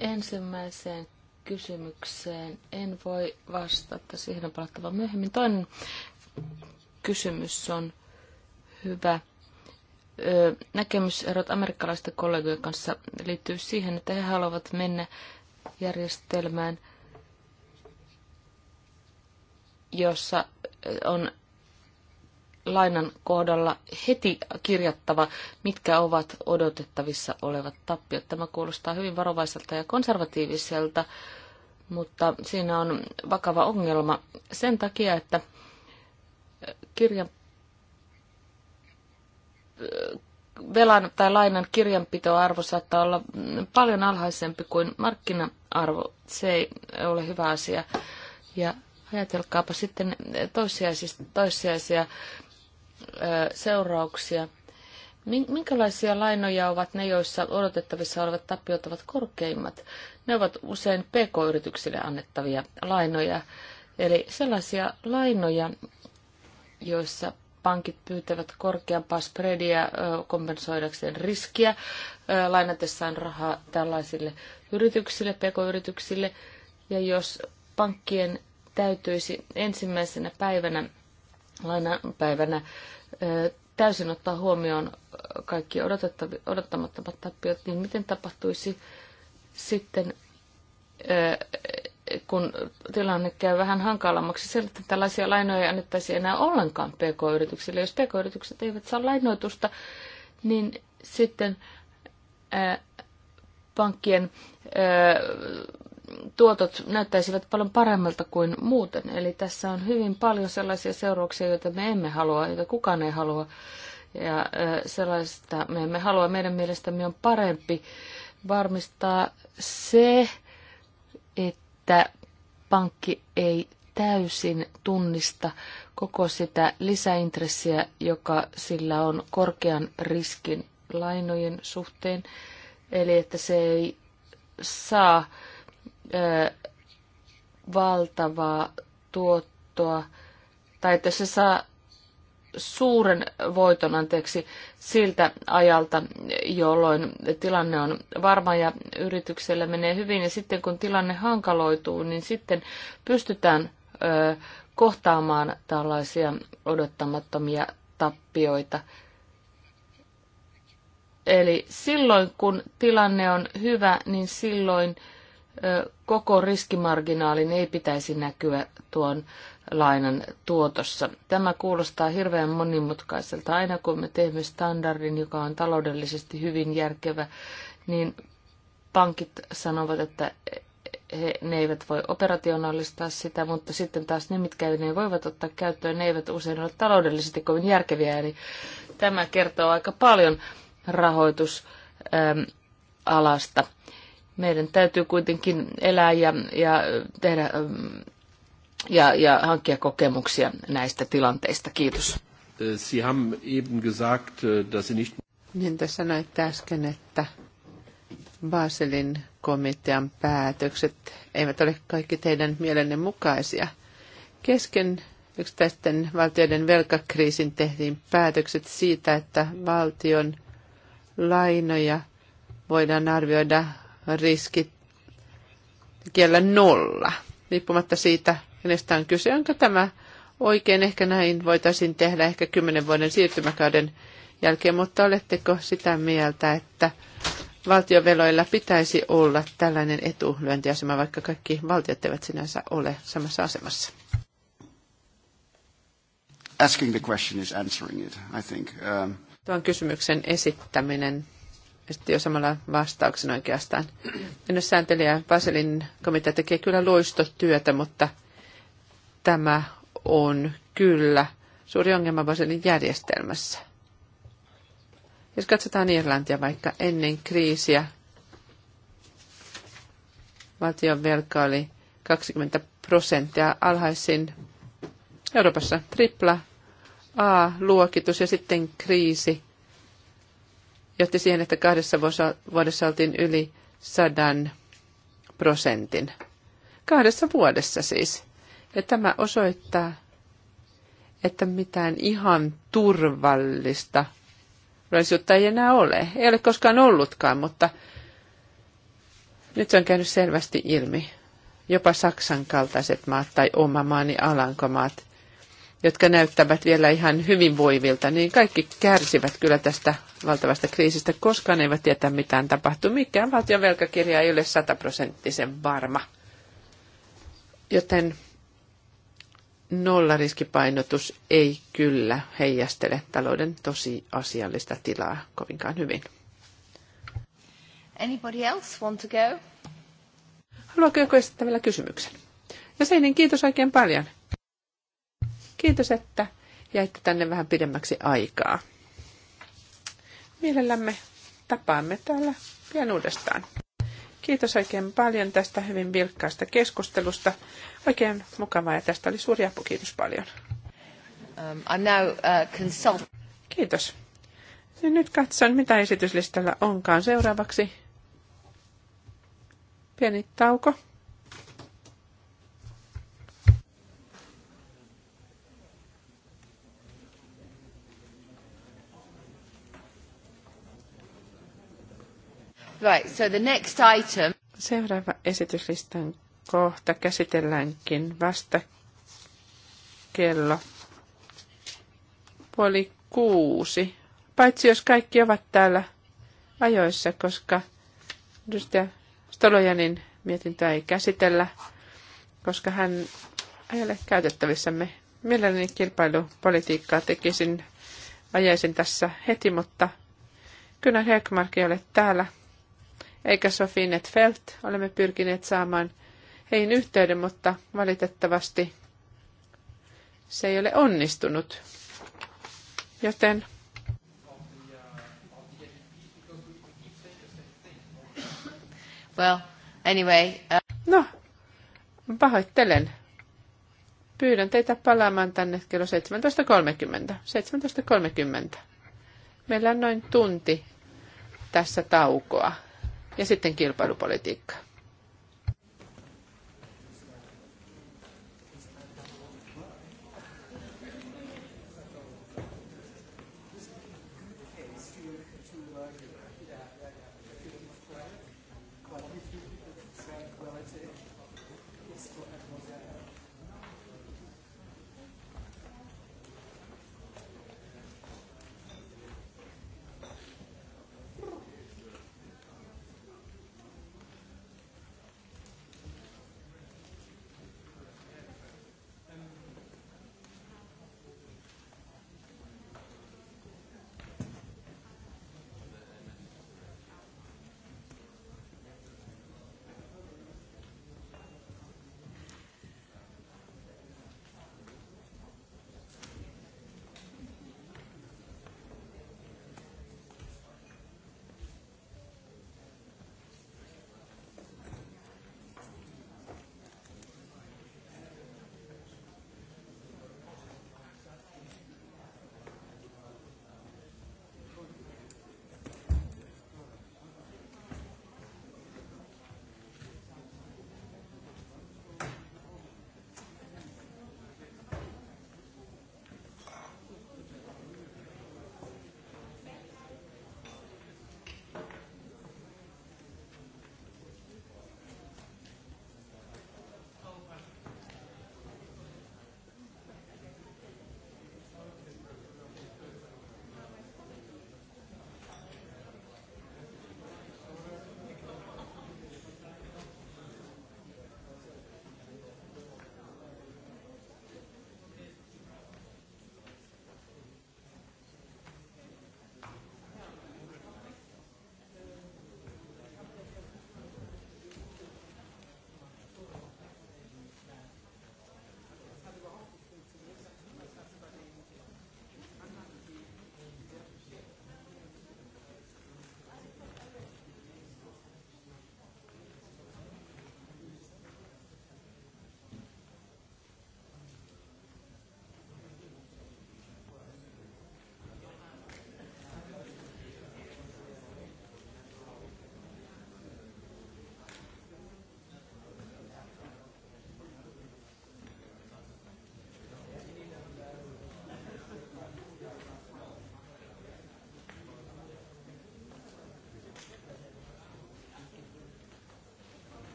S2: Ensimmäiseen kysymykseen en voi vastata. Siihen on palattava myöhemmin. Toinen kysymys on hyvä. Näkemyserot amerikkalaisten kollegojen kanssa liittyy siihen, että he haluavat mennä järjestelmään, jossa on lainan kohdalla heti kirjattava, mitkä ovat odotettavissa olevat tappiot. Tämä kuulostaa hyvin varovaiselta ja konservatiiviselta, mutta siinä on vakava ongelma sen takia, että äh, kirjan äh, velan tai lainan kirjanpitoarvo saattaa olla mm, paljon alhaisempi kuin markkina-arvo. Se ei ole hyvä asia. Ja ajatelkaapa sitten toissijaisia, toissijaisia seurauksia. Minkälaisia lainoja ovat ne, joissa odotettavissa olevat tappiot ovat korkeimmat? Ne ovat usein pk-yrityksille annettavia lainoja, eli sellaisia lainoja, joissa pankit pyytävät korkeampaa spreadia kompensoidakseen riskiä lainatessaan rahaa tällaisille yrityksille, pk-yrityksille. Ja jos pankkien täytyisi ensimmäisenä päivänä, lainapäivänä, täysin ottaa huomioon kaikki odottamattomat tappiot, niin miten tapahtuisi sitten, kun tilanne käy vähän hankalammaksi, se, että tällaisia lainoja ei annettaisi enää ollenkaan pk-yrityksille. Jos pk-yritykset eivät saa lainoitusta, niin sitten pankkien tuotot näyttäisivät paljon paremmalta kuin muuten. Eli tässä on hyvin paljon sellaisia seurauksia, joita me emme halua, joita kukaan ei halua. Ja sellaista me emme halua. Meidän mielestämme on parempi varmistaa se, että pankki ei täysin tunnista koko sitä lisäintressiä, joka sillä on korkean riskin lainojen suhteen. Eli että se ei saa valtavaa tuottoa, tai että se saa suuren voiton anteeksi siltä ajalta, jolloin tilanne on varma ja yrityksellä menee hyvin. Ja sitten kun tilanne hankaloituu, niin sitten pystytään ö, kohtaamaan tällaisia odottamattomia tappioita. Eli silloin kun tilanne on hyvä, niin silloin – koko riskimarginaalin ei pitäisi näkyä tuon lainan tuotossa. Tämä kuulostaa hirveän monimutkaiselta. Aina kun me teemme standardin, joka on taloudellisesti hyvin järkevä, niin pankit sanovat, että he, ne eivät voi operationaalistaa sitä, mutta sitten taas ne, mitkä ne voivat ottaa käyttöön, ne eivät usein ole taloudellisesti kovin järkeviä. Eli tämä kertoo aika paljon rahoitusalasta. Meidän täytyy kuitenkin elää ja, ja tehdä ähm, ja, ja hankkia
S1: kokemuksia näistä tilanteista. Kiitos.
S4: Sie haben eben gesagt, äh, dass Sie nicht...
S1: Niin te sanoitte äsken, että Baselin komitean päätökset eivät ole kaikki teidän mielenne mukaisia. Kesken yksittäisten valtioiden velkakriisin tehtiin päätökset siitä, että valtion lainoja voidaan arvioida kiellä nolla, riippumatta siitä, kenestä on kyse. Onko tämä oikein? Ehkä näin voitaisiin tehdä ehkä kymmenen vuoden siirtymäkauden jälkeen, mutta oletteko sitä mieltä, että valtioveloilla pitäisi olla tällainen etulyöntiasema, vaikka kaikki valtiot eivät sinänsä ole samassa asemassa?
S3: Asking the question is answering it, I think. Um...
S1: Tuon kysymyksen esittäminen sitten jo samalla vastauksen oikeastaan. En ole sääntelijä. Baselin komitea tekee kyllä loistotyötä, mutta tämä on kyllä suuri ongelma Vaselin järjestelmässä. Jos katsotaan Irlantia vaikka ennen kriisiä, valtion velka oli 20 prosenttia alhaisin Euroopassa tripla A-luokitus ja sitten kriisi johti siihen, että kahdessa vuodessa oltiin yli sadan prosentin. Kahdessa vuodessa siis. Ja tämä osoittaa, että mitään ihan turvallista rasiutta ei enää ole. Ei ole koskaan ollutkaan, mutta nyt se on käynyt selvästi ilmi. Jopa Saksan kaltaiset maat tai oma maani Alankomaat jotka näyttävät vielä ihan hyvinvoivilta, niin kaikki kärsivät kyllä tästä valtavasta kriisistä. Koskaan eivät tietää, mitään tapahtuu. Mikään valtion velkakirja ei ole sataprosenttisen varma. Joten nollariskipainotus ei kyllä heijastele talouden tosi asiallista tilaa kovinkaan hyvin.
S2: Anybody else want to go?
S1: Haluaako joku esittää vielä kysymyksen? Ja Seinen, niin kiitos oikein paljon. Kiitos, että jäitte tänne vähän pidemmäksi aikaa. Mielellämme tapaamme täällä pian uudestaan. Kiitos oikein paljon tästä hyvin vilkkaasta keskustelusta. Oikein mukavaa ja tästä oli suuri apu. Kiitos paljon. Um, I'm now, uh, consult- Kiitos. Ja nyt katson, mitä esityslistalla onkaan seuraavaksi. Pieni tauko. Right, so the next item. Seuraava esityslistan kohta käsitelläänkin vasta kello puoli kuusi. Paitsi jos kaikki ovat täällä ajoissa, koska edustaja Stolojanin mietintöä ei käsitellä, koska hän ei ole käytettävissämme. Mielelläni kilpailupolitiikkaa tekisin, ajaisin tässä heti, mutta kyllä Högmark ei ole täällä, eikä sofinet Netfeldt. Olemme pyrkineet saamaan heihin yhteyden, mutta valitettavasti se ei ole onnistunut. Joten Well, anyway, uh... No, pahoittelen. Pyydän teitä palaamaan tänne kello 17.30. 17.30. Meillä on noin tunti tässä taukoa. Ja sitten kilpailupolitiikkaa.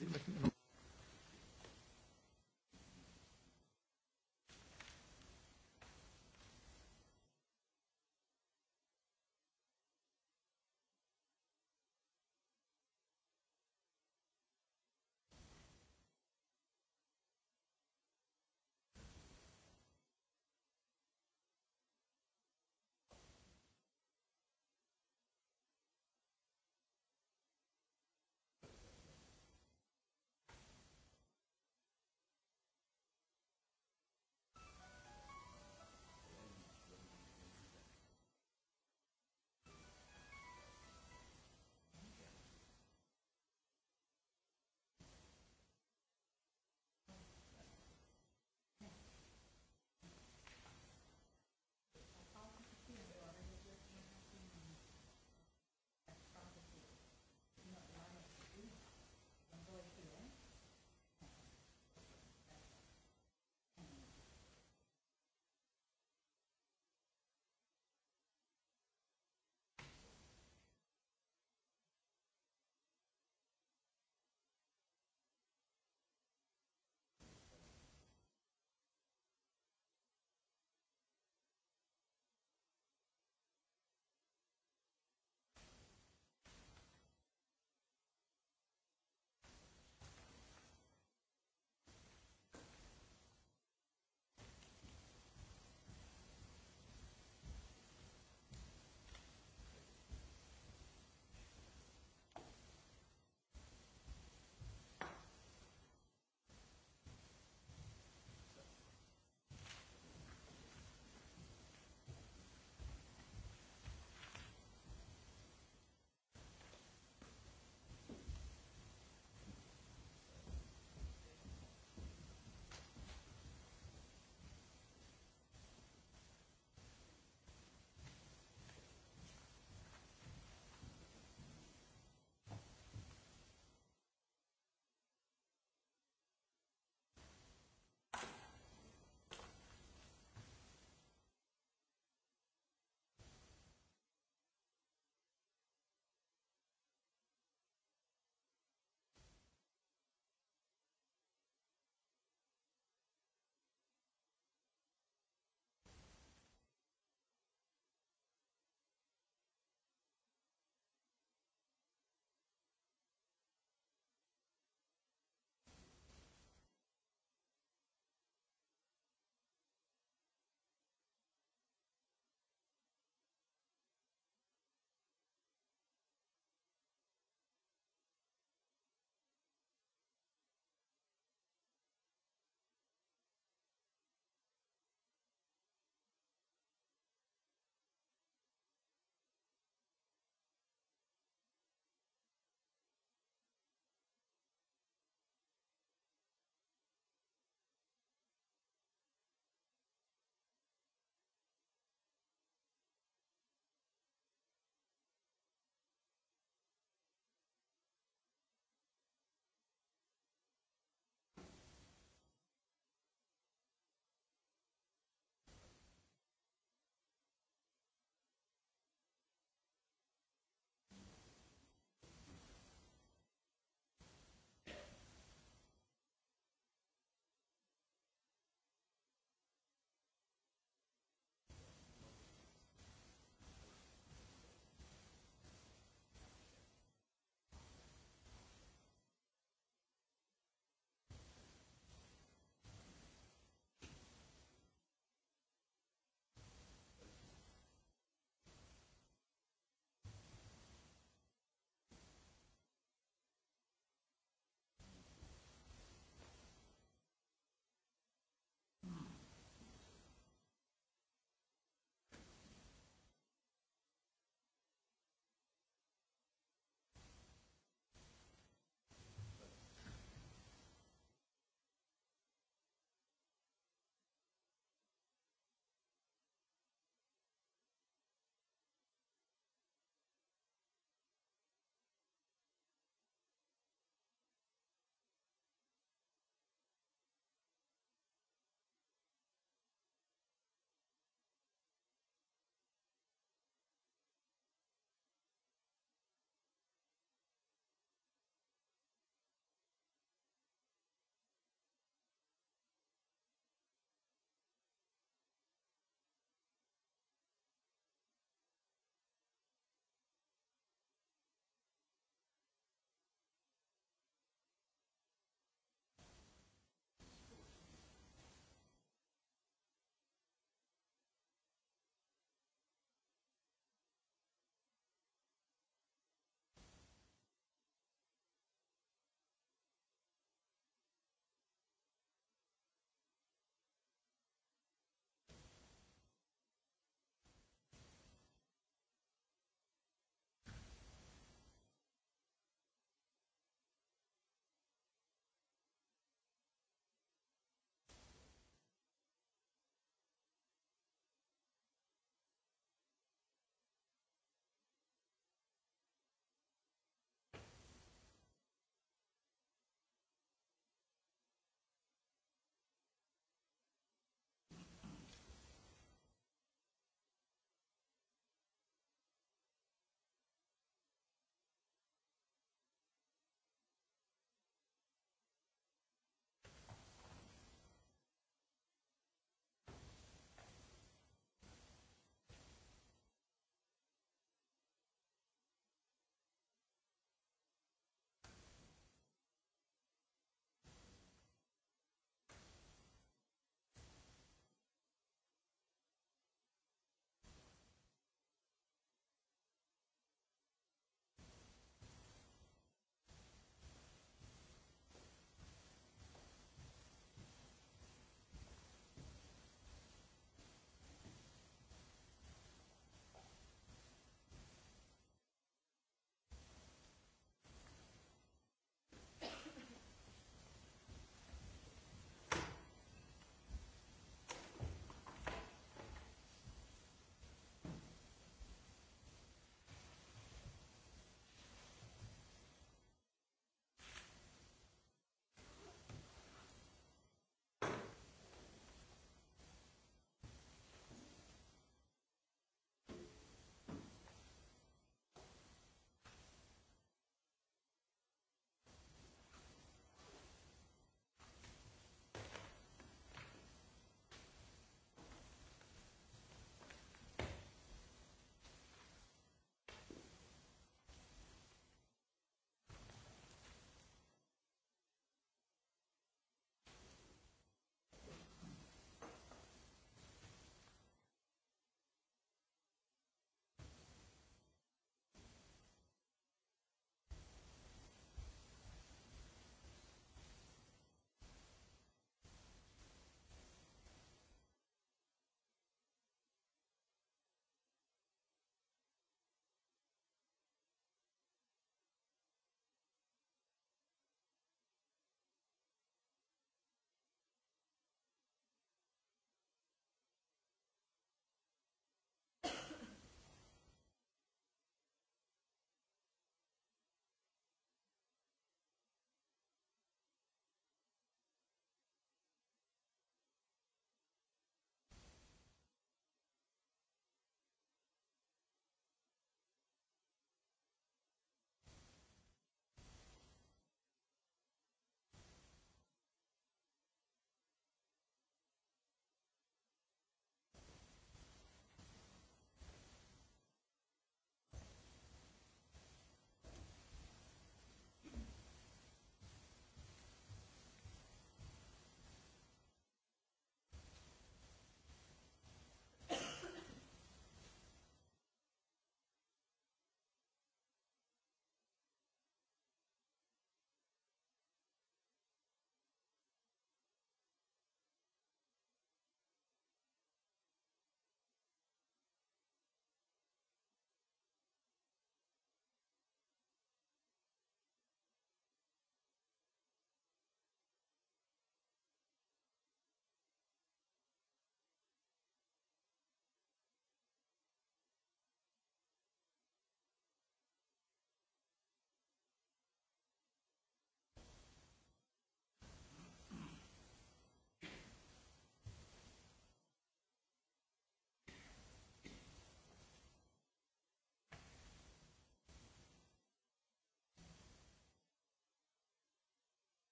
S3: Sie möchten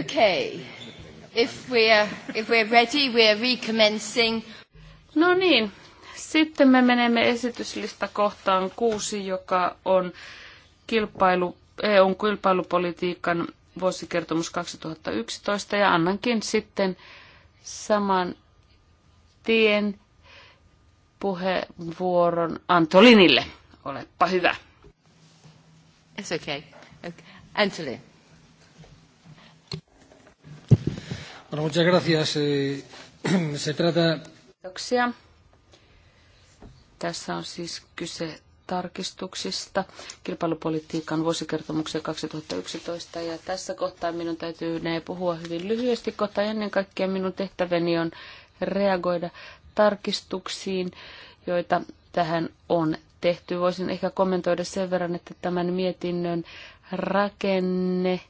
S3: Okay. If we're,
S2: if we're ready, we're recommencing. No niin, sitten me menemme esityslista kohtaan kuusi, joka on kilpailu, EUn kilpailupolitiikan vuosikertomus 2011 ja annankin sitten saman tien puheenvuoron Antolinille. Olepa hyvä. It's okay. Eh, *clears throat* Kiitoksia. Tässä on siis kyse tarkistuksista kilpailupolitiikan vuosikertomukseen 2011. Ja tässä kohtaa minun täytyy ne puhua hyvin lyhyesti, koska ennen kaikkea minun tehtäväni on reagoida tarkistuksiin, joita tähän on tehty. Voisin ehkä kommentoida sen verran, että tämän mietinnön rakenne.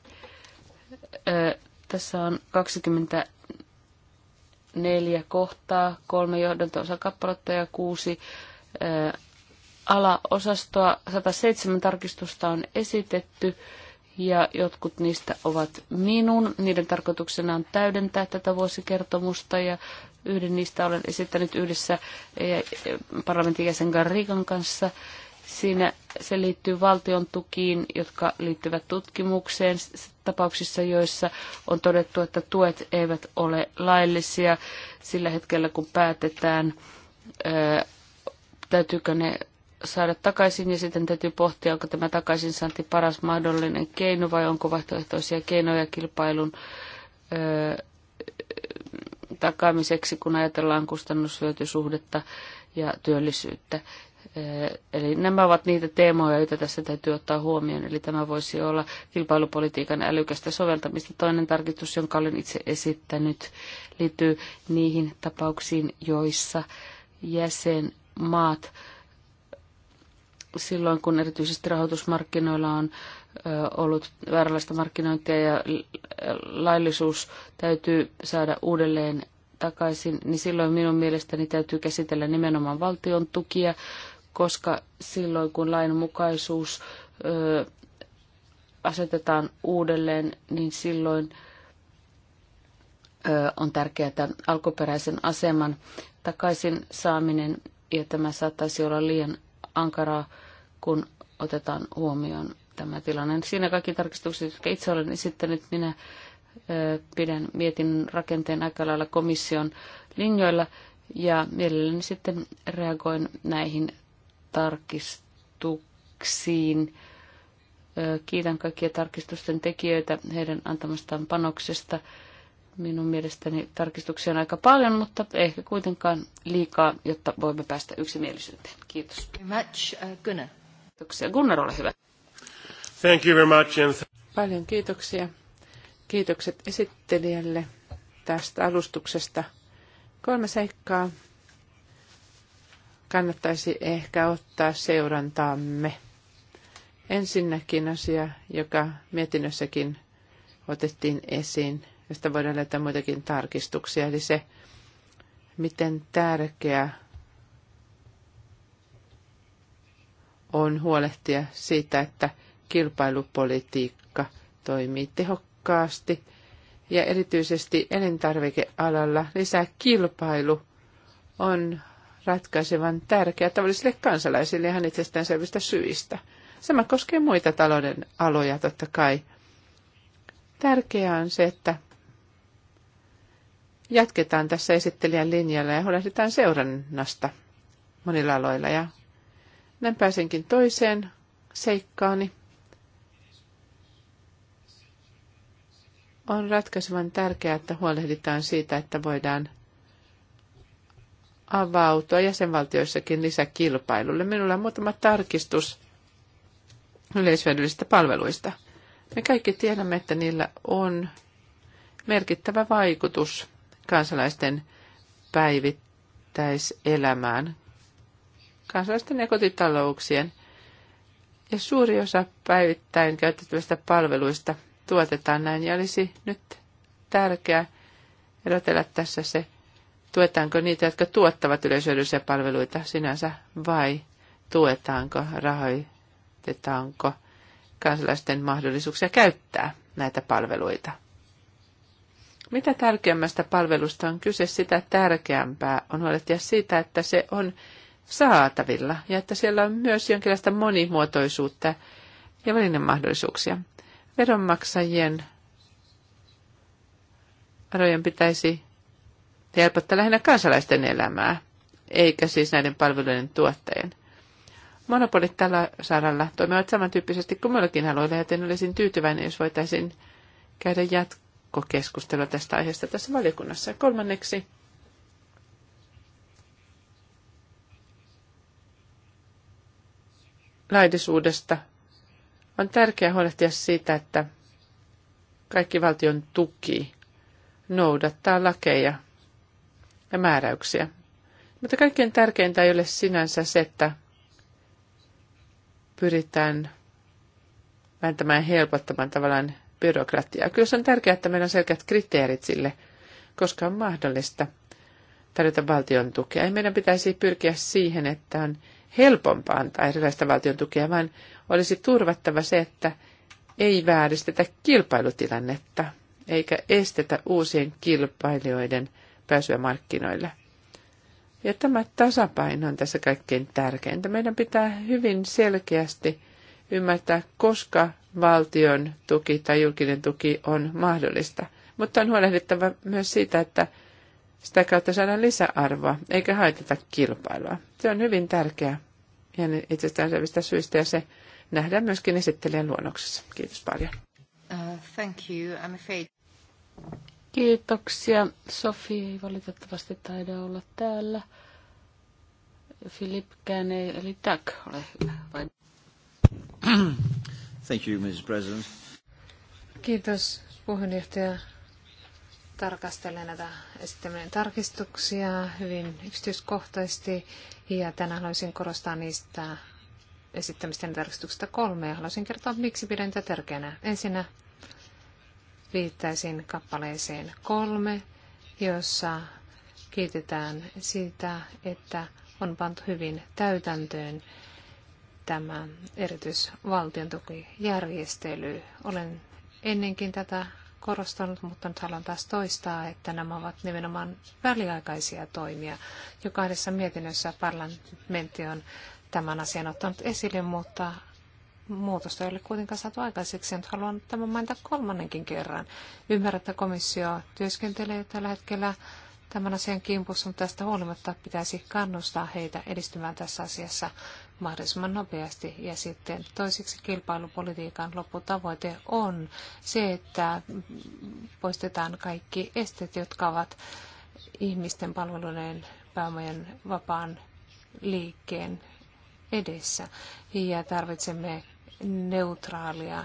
S2: Tässä on 24 kohtaa, kolme johdanto-osakappaletta ja kuusi alaosastoa. 107 tarkistusta on esitetty ja jotkut niistä ovat minun. Niiden tarkoituksena on täydentää tätä vuosikertomusta ja yhden niistä olen esittänyt yhdessä e, e, parlamentin jäsen Garrigan kanssa. Siinä se liittyy valtion tukiin, jotka liittyvät tutkimukseen tapauksissa, joissa on todettu, että tuet eivät ole laillisia sillä hetkellä, kun päätetään, täytyykö ne saada takaisin ja sitten täytyy pohtia, onko tämä takaisinsaanti paras mahdollinen keino vai onko vaihtoehtoisia keinoja kilpailun takaamiseksi, kun ajatellaan kustannushyötysuhdetta ja työllisyyttä. Eh, eli nämä ovat niitä teemoja, joita tässä täytyy ottaa huomioon. Eli tämä voisi olla kilpailupolitiikan älykästä soveltamista. Toinen tarkistus, jonka olen itse esittänyt, liittyy niihin tapauksiin, joissa jäsenmaat silloin, kun erityisesti rahoitusmarkkinoilla on ollut vääränlaista markkinointia ja laillisuus täytyy saada uudelleen takaisin, niin silloin minun mielestäni täytyy käsitellä nimenomaan valtion tukia, koska silloin kun lainmukaisuus ö, asetetaan uudelleen, niin silloin ö, on tärkeää tämän alkuperäisen aseman takaisin saaminen, ja tämä saattaisi olla liian ankaraa, kun otetaan huomioon tämä tilanne. Siinä kaikki tarkistukset, jotka itse olen esittänyt, minä ö, pidän mietin rakenteen aika lailla komission linjoilla, ja mielelläni sitten reagoin näihin tarkistuksiin. Kiitän kaikkia tarkistusten tekijöitä heidän antamastaan panoksesta. Minun mielestäni tarkistuksia on aika paljon, mutta ehkä kuitenkaan liikaa, jotta voimme päästä yksimielisyyteen.
S1: Kiitos. Much, uh, Gunnar. Kiitoksia. Gunnar,
S3: ole hyvä. Thank you very much. Jens.
S1: Paljon kiitoksia. Kiitokset esittelijälle tästä alustuksesta. Kolme seikkaa kannattaisi ehkä ottaa seurantaamme. Ensinnäkin asia, joka mietinnössäkin otettiin esiin, josta voidaan löytää muitakin tarkistuksia, eli se, miten tärkeä on huolehtia siitä, että kilpailupolitiikka toimii tehokkaasti ja erityisesti elintarvikealalla lisää kilpailu on ratkaisevan tärkeä tavallisille kansalaisille ihan itsestäänselvistä syistä. Sama koskee muita talouden aloja totta kai. Tärkeää on se, että jatketaan tässä esittelijän linjalla ja huolehditaan seurannasta monilla aloilla. Ja näin pääsenkin toiseen seikkaani. On ratkaisevan tärkeää, että huolehditaan siitä, että voidaan – avautua jäsenvaltioissakin lisäkilpailulle. Minulla on muutama tarkistus yleishyödyllisistä palveluista. Me kaikki tiedämme, että niillä on merkittävä vaikutus kansalaisten päivittäiselämään, kansalaisten ja kotitalouksien. Ja suuri osa päivittäin käytettävistä palveluista tuotetaan näin, ja olisi nyt tärkeää erotella tässä se tuetaanko niitä, jotka tuottavat yleishyödyllisiä palveluita sinänsä vai tuetaanko, rahoitetaanko kansalaisten mahdollisuuksia käyttää näitä palveluita. Mitä tärkeämmästä palvelusta on kyse, sitä tärkeämpää on huolehtia siitä, että se on saatavilla ja että siellä on myös jonkinlaista monimuotoisuutta ja mahdollisuuksia. Veronmaksajien rajojen pitäisi helpottaa lähinnä kansalaisten elämää, eikä siis näiden palveluiden tuottajien. Monopolit tällä saralla toimivat samantyyppisesti kuin muillakin aloilla, joten olisin tyytyväinen, jos voitaisiin käydä jatkokeskustelua tästä aiheesta tässä valiokunnassa. kolmanneksi, Laidisuudesta. On tärkeää huolehtia siitä, että kaikki valtion tuki noudattaa lakeja ja määräyksiä. Mutta kaikkein tärkeintä ei ole sinänsä se, että pyritään vähentämään helpottamaan tavallaan byrokratiaa. Kyllä se on tärkeää, että meillä on selkeät kriteerit sille, koska on mahdollista tarjota valtion tukea. Ei meidän pitäisi pyrkiä siihen, että on helpompaa antaa erilaista valtion tukea, vaan olisi turvattava se, että ei vääristetä kilpailutilannetta, eikä estetä uusien kilpailijoiden – pääsyä markkinoille. Ja tämä tasapaino on tässä kaikkein tärkeintä. Meidän pitää hyvin selkeästi ymmärtää, koska valtion tuki tai julkinen tuki on mahdollista. Mutta on huolehdittava myös siitä, että sitä kautta saadaan lisäarvoa, eikä haiteta kilpailua. Se on hyvin tärkeää ja itsestäänselvistä syistä, ja se nähdään myöskin esittelijän luonnoksessa. Kiitos paljon.
S2: Uh, thank you. I'm afraid... Kiitoksia. Sofi ei valitettavasti taida olla täällä. Filippkään ei,
S4: eli Doug, ole hyvä. Vai?
S3: *clears throat* Thank you, Mrs. President.
S4: Kiitos puheenjohtaja. Tarkastelen näitä esittämien tarkistuksia hyvin yksityiskohtaisesti ja tänään haluaisin korostaa niistä esittämisten tarkistuksesta kolme ja haluaisin kertoa, miksi pidän tätä tärkeänä. Ensinnä viittaisin kappaleeseen kolme, jossa kiitetään siitä, että on pantu hyvin täytäntöön tämä erityisvaltion tukijärjestely. Olen ennenkin tätä korostanut, mutta nyt haluan taas toistaa, että nämä ovat nimenomaan väliaikaisia toimia. Jo kahdessa mietinnössä parlamentti on tämän asian ottanut esille, mutta muutosta ei ole kuitenkaan saatu aikaiseksi. Nyt haluan tämän mainita kolmannenkin kerran. Ymmärrän, että komissio työskentelee tällä hetkellä tämän asian kimpussa, mutta tästä huolimatta pitäisi kannustaa heitä edistymään tässä asiassa mahdollisimman nopeasti. Ja sitten toiseksi kilpailupolitiikan lopputavoite on se, että poistetaan kaikki esteet, jotka ovat ihmisten palveluiden pääomien vapaan liikkeen edessä. Ja tarvitsemme neutraalia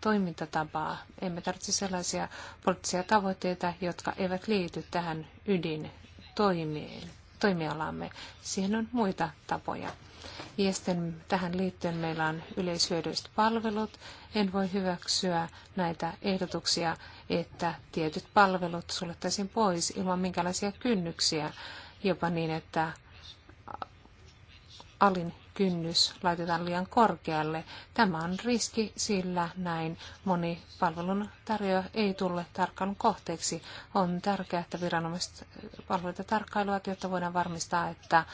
S4: toimintatapaa. Emme tarvitse sellaisia poliittisia tavoitteita, jotka eivät liity tähän ydintoimialamme. Siihen on muita tapoja. Ja sitten tähän liittyen meillä on yleishyödylliset palvelut. En voi hyväksyä näitä ehdotuksia, että tietyt palvelut suljettaisiin pois ilman minkälaisia kynnyksiä, jopa niin, että alin kynnys laitetaan liian korkealle. Tämä on riski, sillä näin moni palvelun tarjoaja ei tule tarkkailun kohteeksi. On tärkeää, että viranomaiset palveluita tarkkailuvat, jotta voidaan varmistaa, että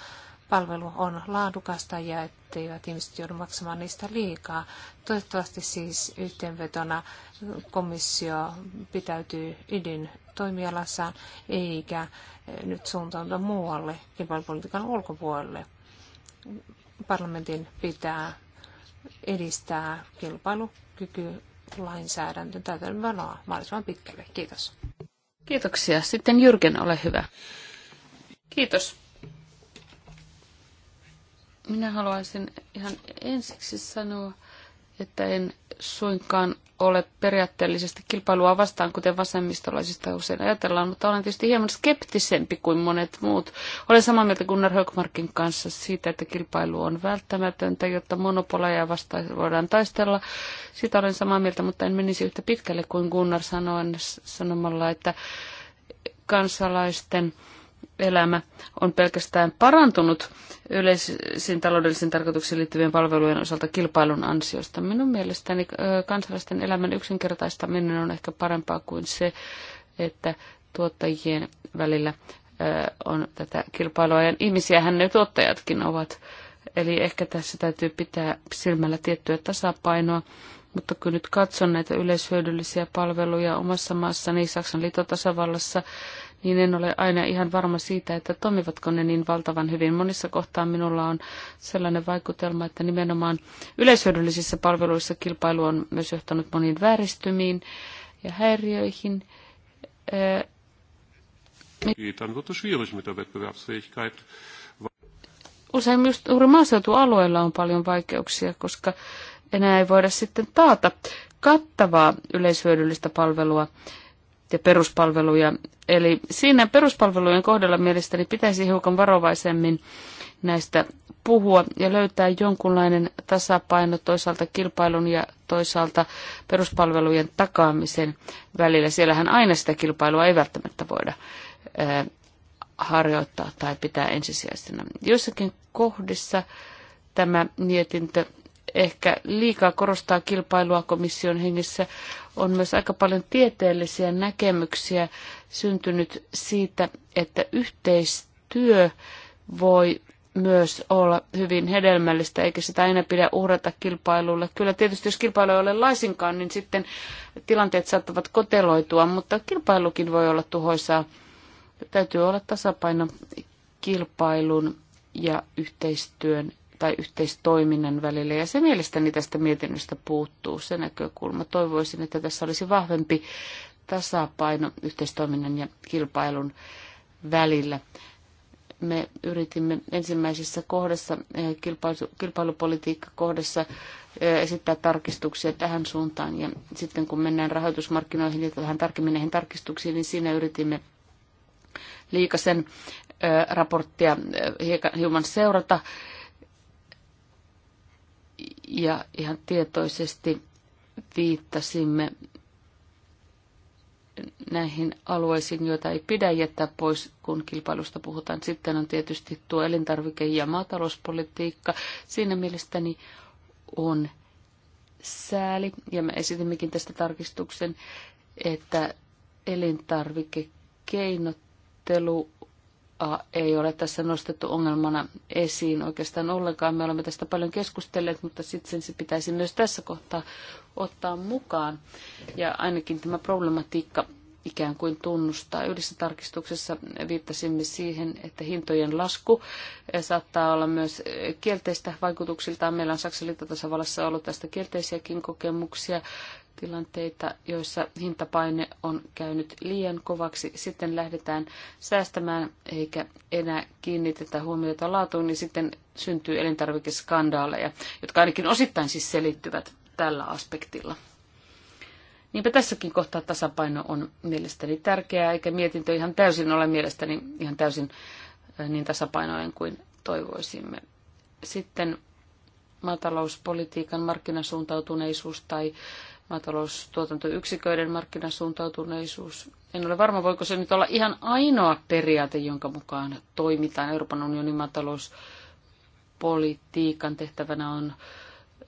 S4: palvelu on laadukasta ja etteivät ihmiset joudu maksamaan niistä liikaa. Toivottavasti siis yhteenvetona komissio pitäytyy ydin toimialassaan eikä nyt suuntaudu muualle kilpailupolitiikan ulkopuolelle parlamentin pitää edistää kilpailukyky täytäntöönpanoa mahdollisimman pitkälle. Kiitos.
S2: Kiitoksia. Sitten Jyrgen, ole hyvä.
S4: Kiitos. Minä
S2: haluaisin ihan ensiksi sanoa, että en suinkaan ole periaatteellisesti kilpailua vastaan, kuten vasemmistolaisista usein ajatellaan, mutta olen tietysti hieman skeptisempi kuin monet muut. Olen samaa mieltä Gunnar Högmarkin kanssa siitä, että kilpailu on välttämätöntä, jotta monopoleja vastaan voidaan taistella. Sitä olen samaa mieltä, mutta en menisi yhtä pitkälle kuin Gunnar sanoen, sanomalla, että kansalaisten elämä on pelkästään parantunut yleisiin taloudellisiin tarkoituksiin liittyvien palvelujen osalta kilpailun ansiosta. Minun mielestäni kansalaisten elämän yksinkertaistaminen on ehkä parempaa kuin se, että tuottajien välillä on tätä kilpailua. Ja ihmisiähän ne tuottajatkin ovat. Eli ehkä tässä täytyy pitää silmällä tiettyä tasapainoa. Mutta kun nyt katson näitä yleishyödyllisiä palveluja omassa maassani Saksan liitotasavallassa, tasavallassa niin en ole aina ihan varma siitä, että toimivatko ne niin valtavan hyvin. Monissa kohtaa minulla on sellainen vaikutelma, että nimenomaan yleishyödyllisissä palveluissa kilpailu on myös johtanut moniin vääristymiin ja häiriöihin. usein myös juuri maaseutualueilla on paljon vaikeuksia, koska enää ei voida sitten taata kattavaa yleishyödyllistä palvelua ja peruspalveluja. Eli siinä peruspalvelujen kohdalla mielestäni pitäisi hiukan varovaisemmin näistä puhua ja löytää jonkunlainen tasapaino toisaalta kilpailun ja toisaalta peruspalvelujen takaamisen välillä. Siellähän aina sitä kilpailua ei välttämättä voida harjoittaa tai pitää ensisijaisena. Joissakin kohdissa tämä mietintö ehkä liikaa korostaa kilpailua komission hengessä On myös aika paljon tieteellisiä näkemyksiä syntynyt siitä, että yhteistyö voi myös olla hyvin hedelmällistä, eikä sitä aina pidä uhrata kilpailulle. Kyllä tietysti jos kilpailu ei ole laisinkaan, niin sitten tilanteet saattavat koteloitua, mutta kilpailukin voi olla tuhoisaa. Täytyy olla tasapaino kilpailun ja yhteistyön tai yhteistoiminnan välillä. Ja se mielestäni tästä mietinnöstä puuttuu, se näkökulma. Toivoisin, että tässä olisi vahvempi tasapaino yhteistoiminnan ja kilpailun välillä. Me yritimme ensimmäisessä kohdassa, eh, kilpailupolitiikka kohdassa eh, esittää tarkistuksia tähän suuntaan. Ja sitten kun mennään rahoitusmarkkinoihin ja vähän tarkemmin näihin tarkistuksiin, niin siinä yritimme Liikasen eh, raporttia hieman seurata ja ihan tietoisesti viittasimme näihin alueisiin, joita ei pidä jättää pois, kun kilpailusta puhutaan. Sitten on tietysti tuo elintarvike- ja maatalouspolitiikka. Siinä mielestäni on sääli, ja me esitimmekin tästä tarkistuksen, että elintarvikekeinottelu ei ole tässä nostettu ongelmana esiin oikeastaan ollenkaan. Me olemme tästä paljon keskustelleet, mutta sitten se pitäisi myös tässä kohtaa ottaa mukaan. Ja ainakin tämä problematiikka ikään kuin tunnustaa. Yhdessä tarkistuksessa viittasimme siihen, että hintojen lasku eh, saattaa olla myös eh, kielteistä vaikutuksiltaan. Meillä on Saksan liittotasavallassa ollut tästä kielteisiäkin kokemuksia tilanteita, joissa hintapaine on käynyt liian kovaksi, sitten lähdetään säästämään eikä enää kiinnitetä huomiota laatuun, niin sitten syntyy elintarvikeskandaaleja, jotka ainakin osittain siis selittyvät tällä aspektilla. Niinpä tässäkin kohtaa tasapaino on mielestäni tärkeää, eikä mietintö ihan täysin ole mielestäni ihan täysin äh, niin tasapainoinen kuin toivoisimme. Sitten maatalouspolitiikan markkinasuuntautuneisuus tai maataloustuotantoyksiköiden markkinasuuntautuneisuus. En ole varma, voiko se nyt olla ihan ainoa periaate, jonka mukaan toimitaan. Euroopan unionin maatalouspolitiikan tehtävänä on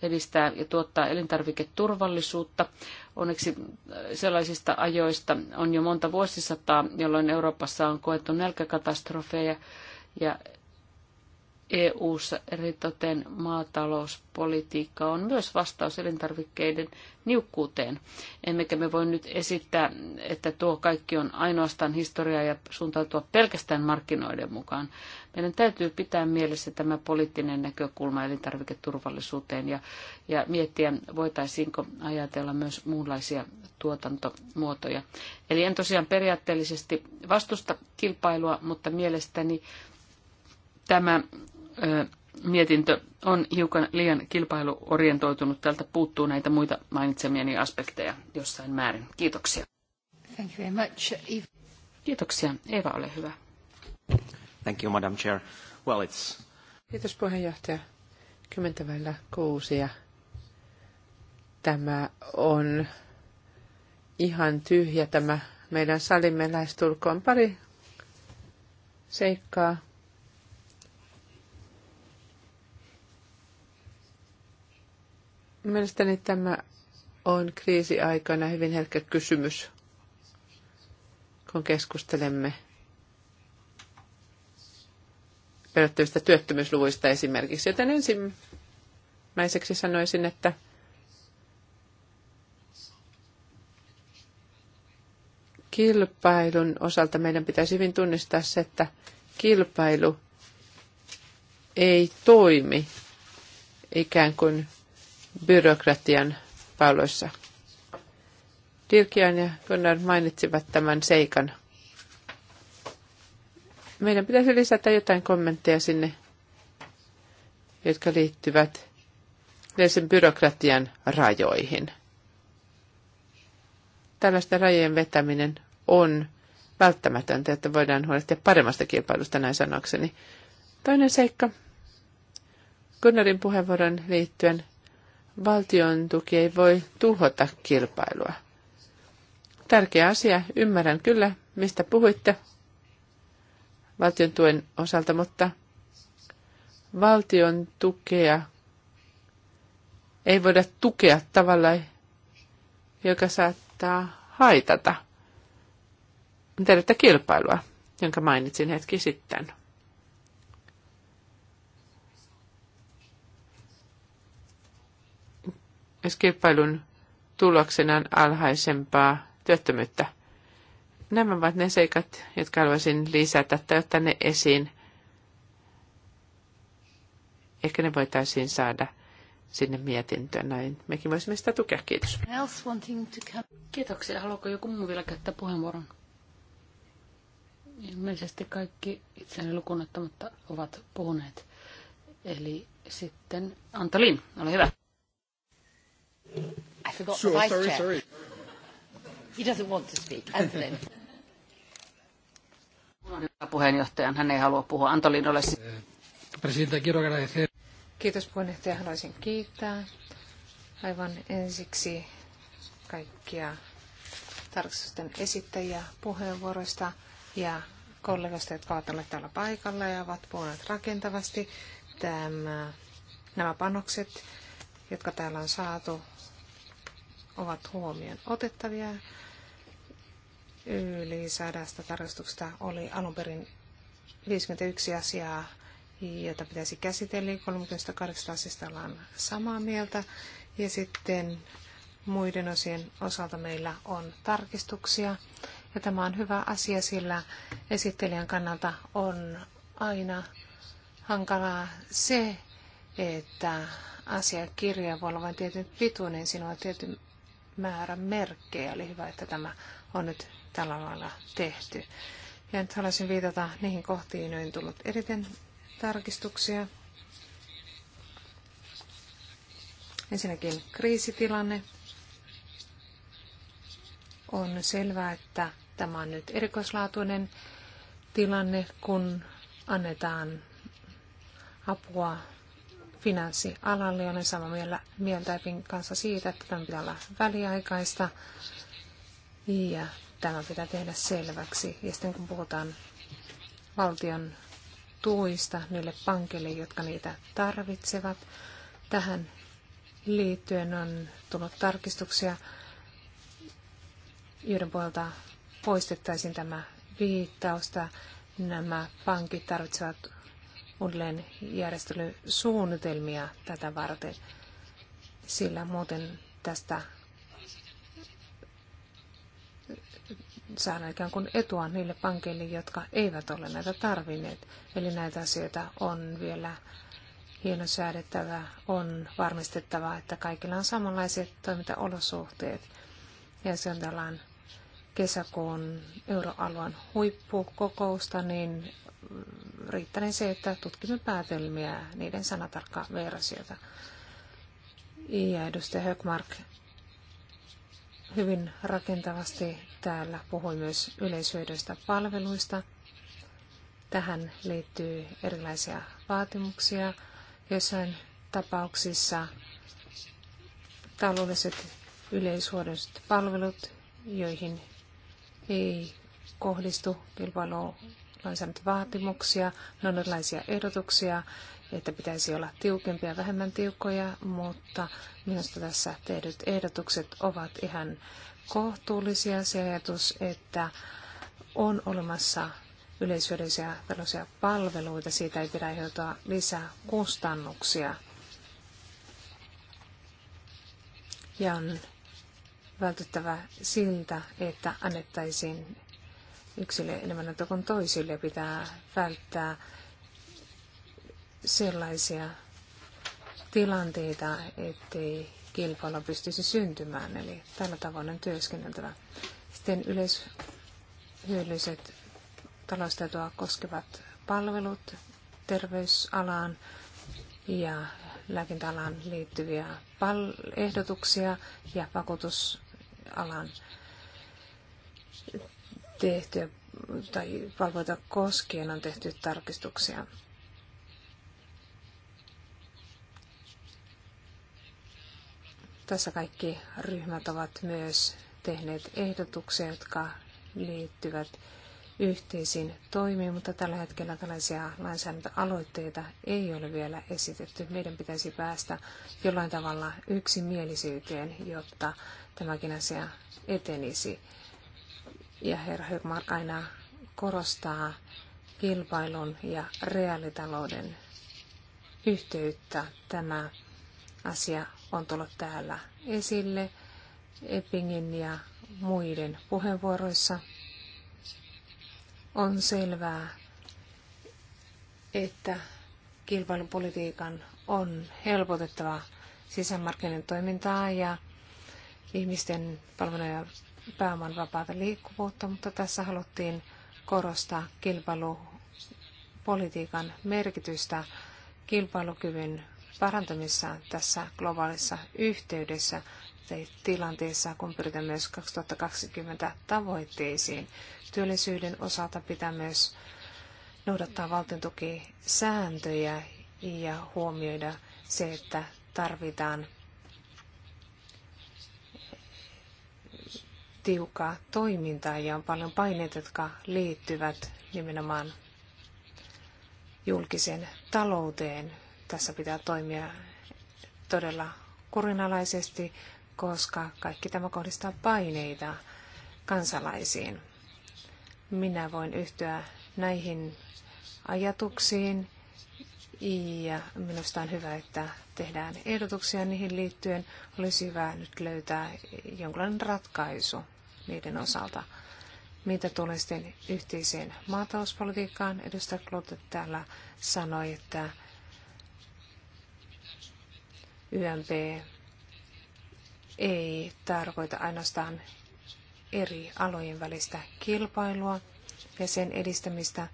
S2: edistää ja tuottaa elintarviketurvallisuutta. Onneksi äh, sellaisista ajoista on jo monta vuosisataa, jolloin Euroopassa on koettu nälkäkatastrofeja ja eu eritoten maatalouspolitiikka on myös vastaus elintarvikkeiden niukkuuteen. Emmekä me voi nyt esittää, että tuo kaikki on ainoastaan historiaa ja suuntautua pelkästään markkinoiden mukaan. Meidän täytyy pitää mielessä tämä poliittinen näkökulma elintarviketurvallisuuteen ja, ja miettiä, voitaisiinko ajatella myös muunlaisia tuotantomuotoja. Eli en tosiaan periaatteellisesti vastusta kilpailua, mutta mielestäni tämä mietintö on hiukan liian kilpailuorientoitunut. Täältä puuttuu näitä muita mainitsemieni aspekteja jossain määrin. Kiitoksia.
S1: Thank you very much, Eva. Kiitoksia. Eva, ole hyvä.
S3: Thank you, Madam Chair. Well, it's...
S1: Kiitos puheenjohtaja. Kymmentä välillä kuusi ja tämä on ihan tyhjä tämä meidän salimme lähestulkoon pari seikkaa Mielestäni tämä on kriisiaikana hyvin herkkä kysymys, kun keskustelemme pelättävistä työttömyysluvuista esimerkiksi. Joten ensimmäiseksi sanoisin, että kilpailun osalta meidän pitäisi hyvin tunnistaa se, että kilpailu ei toimi ikään kuin byrokratian pauloissa. Dirkian ja Gunnar mainitsivat tämän seikan. Meidän pitäisi lisätä jotain kommentteja sinne, jotka liittyvät yleisen byrokratian rajoihin. Tällaista rajojen vetäminen on välttämätöntä, että voidaan huolehtia paremmasta kilpailusta, näin sanokseni. Toinen seikka Gunnarin puheenvuoron liittyen valtion tuki ei voi tuhota kilpailua. Tärkeä asia, ymmärrän kyllä, mistä puhuitte valtion tuen osalta, mutta valtion tukea ei voida tukea tavalla, joka saattaa haitata Tervettä kilpailua, jonka mainitsin hetki sitten. jos kilpailun tuloksena on alhaisempaa työttömyyttä. Nämä ovat ne seikat, jotka haluaisin lisätä tai ottaa ne esiin. Ehkä ne voitaisiin saada sinne mietintöön. Näin mekin voisimme sitä tukea. Kiitos.
S2: Kiitoksia. Haluatko joku muu vielä käyttää puheenvuoron? Ilmeisesti kaikki itseäni lukunottamatta ovat puhuneet. Eli sitten Antolin, ole hyvä.
S3: I forgot sure, the vice sorry, chair. Sorry. He doesn't want to speak. Evelyn.
S4: Kiitos puheenjohtaja, haluaisin kiittää aivan ensiksi kaikkia tarkastusten esittäjiä puheenvuoroista ja kollegoista, jotka ovat olleet täällä paikalla ja ovat puhuneet rakentavasti. Tämä, nämä panokset, jotka täällä on saatu, ovat huomioon otettavia. Yli sadasta tarkastuksesta oli alun perin 51 asiaa, jota pitäisi käsitellä. 38 asiasta ollaan samaa mieltä. Ja sitten muiden osien osalta meillä on tarkistuksia. Ja tämä on hyvä asia, sillä esittelijän kannalta on aina hankalaa se, että asiakirja voi olla vain tietyn pituinen, siinä on tietyn määrä merkkejä. Eli hyvä, että tämä on nyt tällä lailla tehty. Ja nyt haluaisin viitata niihin kohtiin, joihin tullut eriten tarkistuksia. Ensinnäkin kriisitilanne. On selvää, että tämä on nyt erikoislaatuinen tilanne, kun annetaan apua finanssialalle. Olen samaa mieltä, mieltä Epin kanssa siitä, että tämä pitää olla väliaikaista ja tämä pitää tehdä selväksi. Ja sitten kun puhutaan valtion tuista niille pankeille, jotka niitä tarvitsevat, tähän liittyen on tullut tarkistuksia, joiden puolelta poistettaisiin tämä viittausta. Nämä pankit tarvitsevat uudelleen järjestelysuunnitelmia tätä varten, sillä muuten tästä saadaan ikään kuin etua niille pankeille, jotka eivät ole näitä tarvinneet. Eli näitä asioita on vielä säädettävä, on varmistettava, että kaikilla on samanlaiset toimintaolosuhteet. Ja se on tällainen kesäkuun euroalueen huippukokousta, niin riittäneen se, että tutkimme päätelmiä, niiden sanatarkka versiota. Ja edustaja Högmark hyvin rakentavasti täällä puhui myös yleishyödyistä palveluista. Tähän liittyy erilaisia vaatimuksia. Joissain tapauksissa taloudelliset yleishyödylliset palvelut, joihin ei kohdistu kilpailu lainsäädäntövaatimuksia, ne on erilaisia ehdotuksia, että pitäisi olla tiukempia, vähemmän tiukkoja, mutta minusta tässä tehdyt ehdotukset ovat ihan kohtuullisia. Se ajatus, että on olemassa yleishyödyllisiä tällaisia palveluita, siitä ei pidä aiheutua lisää kustannuksia. Ja on vältyttävä siltä, että annettaisiin yksille enemmän kuin toisille. Pitää välttää sellaisia tilanteita, ettei kilpailu pystyisi syntymään. Eli tällä tavoin on työskenneltävä. Sitten yleishyödylliset taloustaitoa koskevat palvelut terveysalaan ja lääkintäalaan liittyviä ehdotuksia ja vakuutusalan tehty tai palveluita koskien on tehty tarkistuksia. Tässä kaikki ryhmät ovat myös tehneet ehdotuksia, jotka liittyvät yhteisiin toimiin, mutta tällä hetkellä tällaisia lainsäädäntöaloitteita ei ole vielä esitetty. Meidän pitäisi päästä jollain tavalla yksimielisyyteen, jotta tämäkin asia etenisi ja herra Högmark aina korostaa kilpailun ja reaalitalouden yhteyttä. Tämä asia on tullut täällä esille Eppingin ja muiden puheenvuoroissa. On selvää, että kilpailupolitiikan on helpotettava sisämarkkinoiden toimintaa ja ihmisten palvelujen pääoman vapaata liikkuvuutta, mutta tässä haluttiin korostaa kilpailupolitiikan merkitystä kilpailukyvyn parantamisessa tässä globaalissa yhteydessä tai tilanteessa, kun pyritään myös 2020 tavoitteisiin. Työllisyyden osalta pitää myös noudattaa valtiontukisääntöjä ja huomioida se, että tarvitaan tiukkaa toimintaa ja on paljon paineita, jotka liittyvät nimenomaan julkiseen talouteen. Tässä pitää toimia todella kurinalaisesti, koska kaikki tämä kohdistaa paineita kansalaisiin. Minä voin yhtyä näihin ajatuksiin ja minusta on hyvä, että tehdään ehdotuksia niihin liittyen. Olisi hyvä nyt löytää jonkinlainen ratkaisu niiden osalta. Mitä tulee sitten yhteiseen maatalouspolitiikkaan, edustaja Klote täällä sanoi, että YMP ei tarkoita ainoastaan eri alojen välistä kilpailua ja sen edistämistä,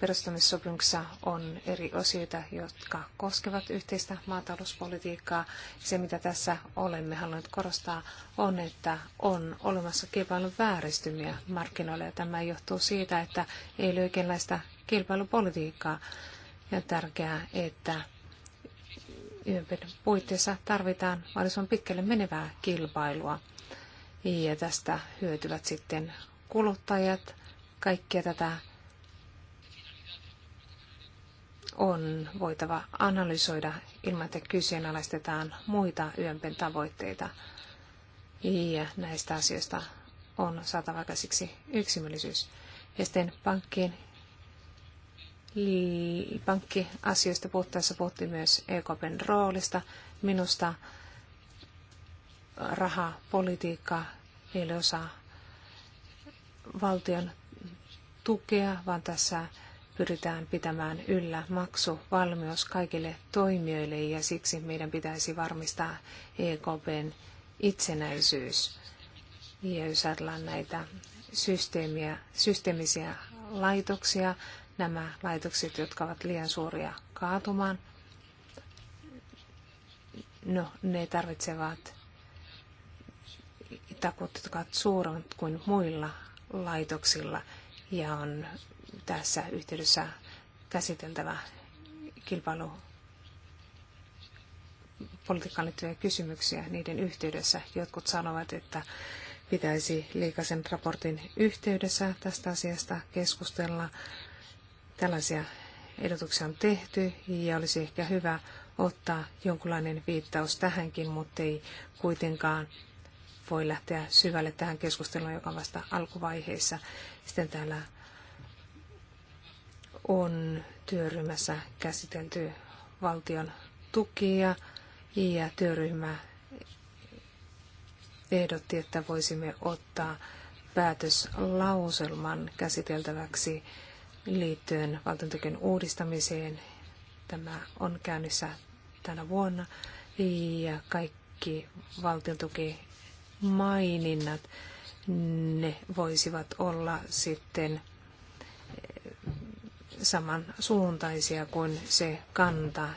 S4: perustamissopimuksessa on eri osioita, jotka koskevat yhteistä maatalouspolitiikkaa. Se, mitä tässä olemme halunneet korostaa, on, että on olemassa kilpailun vääristymiä markkinoilla. Ja tämä johtuu siitä, että ei ole oikeanlaista kilpailupolitiikkaa. Ja on tärkeää, että YMPn puitteissa tarvitaan mahdollisimman pitkälle menevää kilpailua. Ja tästä hyötyvät sitten kuluttajat, kaikkia tätä on voitava analysoida ilman, että kyseenalaistetaan muita YMPn tavoitteita. Ja näistä asioista on saatava käsiksi yksimielisyys. Ja sitten pankkien pankkiasioista puhuttaessa puhuttiin myös EKPn roolista. Minusta rahapolitiikka ei ole osa valtion tukea, vaan tässä pyritään pitämään yllä maksuvalmius kaikille toimijoille ja siksi meidän pitäisi varmistaa EKPn itsenäisyys. Ja jos ajatellaan näitä systeemiä, systeemisiä laitoksia, nämä laitokset, jotka ovat liian suuria kaatumaan, no, ne tarvitsevat takuut, jotka ovat suuremmat kuin muilla laitoksilla ja on tässä yhteydessä käsiteltävä kilpailu politiikkaan liittyviä kysymyksiä niiden yhteydessä. Jotkut sanovat, että pitäisi liikaisen raportin yhteydessä tästä asiasta keskustella. Tällaisia ehdotuksia on tehty ja olisi ehkä hyvä ottaa jonkinlainen viittaus tähänkin, mutta ei kuitenkaan voi lähteä syvälle tähän keskusteluun, joka on vasta alkuvaiheessa. Sitten täällä on työryhmässä käsitelty valtion tukia ja työryhmä ehdotti, että voisimme ottaa päätöslauselman käsiteltäväksi liittyen valtiontukien uudistamiseen. Tämä on käynnissä tänä vuonna ja kaikki valtiontukimaininnat, ne voisivat olla sitten samansuuntaisia kuin se kanta,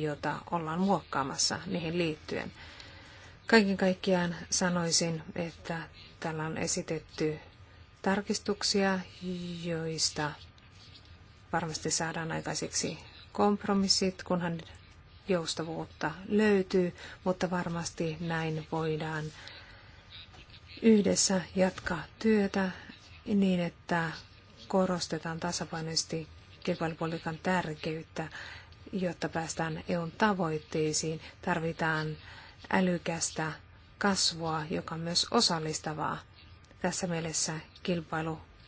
S4: jota ollaan muokkaamassa niihin liittyen. Kaiken kaikkiaan sanoisin, että täällä on esitetty tarkistuksia, joista varmasti saadaan aikaiseksi kompromissit, kunhan joustavuutta löytyy, mutta varmasti näin voidaan yhdessä jatkaa työtä niin, että korostetaan tasapainoisesti kilpailupolitiikan tärkeyttä, jotta päästään EUn tavoitteisiin. Tarvitaan älykästä kasvua, joka on myös osallistavaa. Tässä mielessä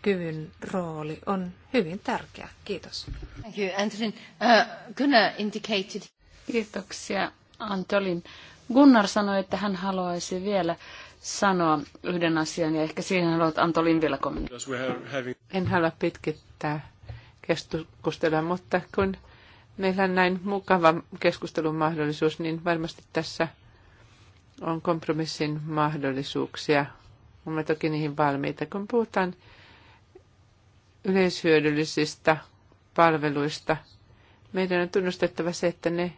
S4: kyvyn rooli on hyvin tärkeä. Kiitos. Thank you, Uh, Gunnar indicated...
S2: Kiitoksia, Antolin. Gunnar sanoi, että hän haluaisi vielä sanoa
S1: yhden asian ja ehkä siihen haluat Anto Lindvillä En halua pitkittää keskustelua, mutta kun meillä on näin mukava keskustelun mahdollisuus, niin varmasti tässä on kompromissin mahdollisuuksia. Olemme toki niihin valmiita. Kun puhutaan yleishyödyllisistä palveluista, meidän on tunnustettava se, että ne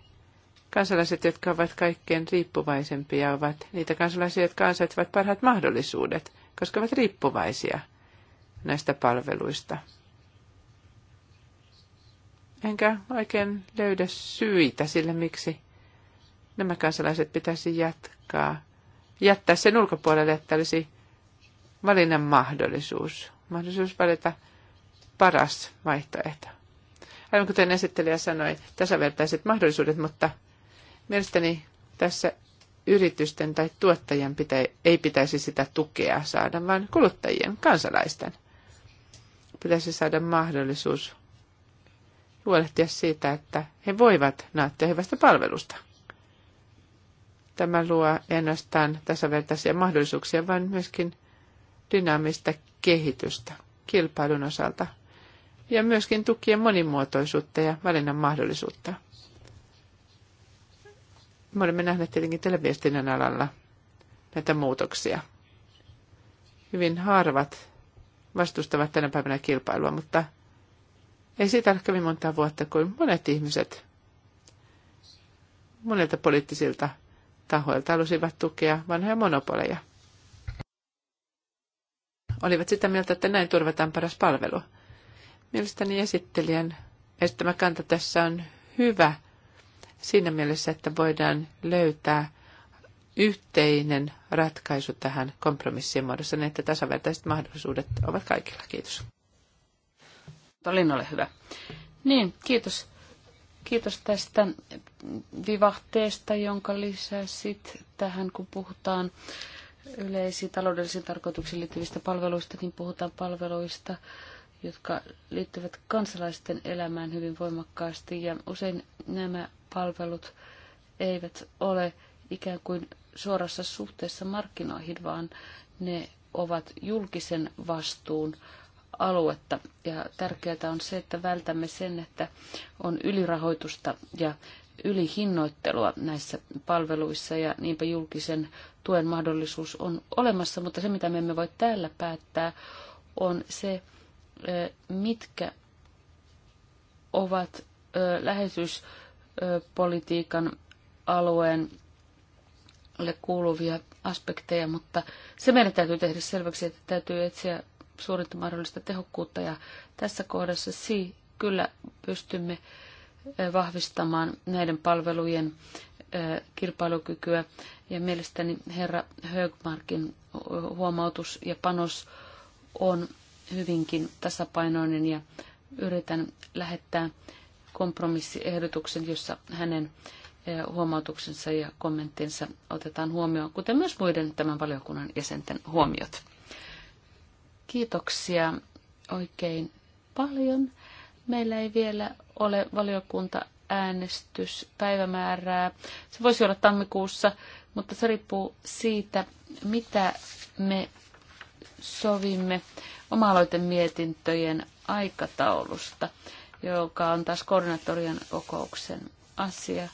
S1: Kansalaiset, jotka ovat kaikkein riippuvaisempia, ovat niitä kansalaisia, jotka ansaitsevat parhaat mahdollisuudet, koska ovat riippuvaisia näistä palveluista. Enkä oikein löydä syitä sille, miksi nämä kansalaiset pitäisi jatkaa, jättää sen ulkopuolelle, että olisi valinnan mahdollisuus, mahdollisuus valita paras vaihtoehto. Aivan kuten esittelijä sanoi, tasavertaiset mahdollisuudet, mutta Mielestäni tässä yritysten tai tuottajien ei pitäisi sitä tukea saada, vaan kuluttajien, kansalaisten. Pitäisi saada mahdollisuus huolehtia siitä, että he voivat nauttia hyvästä palvelusta. Tämä luo ainoastaan tasavertaisia mahdollisuuksia, vaan myöskin dynaamista kehitystä kilpailun osalta ja myöskin tukien monimuotoisuutta ja valinnan mahdollisuutta. Me olemme nähneet tietenkin televiestinnän alalla näitä muutoksia. Hyvin harvat vastustavat tänä päivänä kilpailua, mutta ei siitä ole kovin monta vuotta, kuin monet ihmiset monilta poliittisilta tahoilta halusivat tukea vanhoja monopoleja. Olivat sitä mieltä, että näin turvataan paras palvelu. Mielestäni esittelijän esittämä kanta tässä on hyvä – siinä mielessä, että voidaan löytää yhteinen ratkaisu tähän kompromissien muodossa, niin että tasavertaiset mahdollisuudet ovat kaikilla. Kiitos. Tolin ole hyvä. Niin, kiitos. Kiitos tästä
S2: vivahteesta, jonka lisäsit tähän, kun puhutaan yleisiin taloudellisiin tarkoituksiin liittyvistä palveluista, niin puhutaan palveluista, jotka liittyvät kansalaisten elämään hyvin voimakkaasti. Ja usein nämä palvelut eivät ole ikään kuin suorassa suhteessa markkinoihin, vaan ne ovat julkisen vastuun aluetta. Ja tärkeää on se, että vältämme sen, että on ylirahoitusta ja ylihinnoittelua näissä palveluissa ja niinpä julkisen tuen mahdollisuus on olemassa, mutta se mitä me emme voi täällä päättää on se, eh, mitkä ovat eh, läheisyys politiikan alueen kuuluvia aspekteja, mutta se meidän täytyy tehdä selväksi, että täytyy etsiä suurinta mahdollista tehokkuutta ja tässä kohdassa si kyllä pystymme vahvistamaan näiden palvelujen kilpailukykyä. Ja mielestäni herra Högmarkin huomautus ja panos on hyvinkin tasapainoinen ja yritän lähettää kompromissiehdotuksen, jossa hänen eh, huomautuksensa ja kommenttinsa otetaan huomioon, kuten myös muiden tämän valiokunnan jäsenten huomiot. Kiitoksia oikein paljon. Meillä ei vielä ole valiokunta äänestyspäivämäärää. Se voisi olla tammikuussa, mutta se riippuu siitä, mitä me sovimme oma aloitemietintöjen aikataulusta joka on taas koordinaattorien kokouksen asia.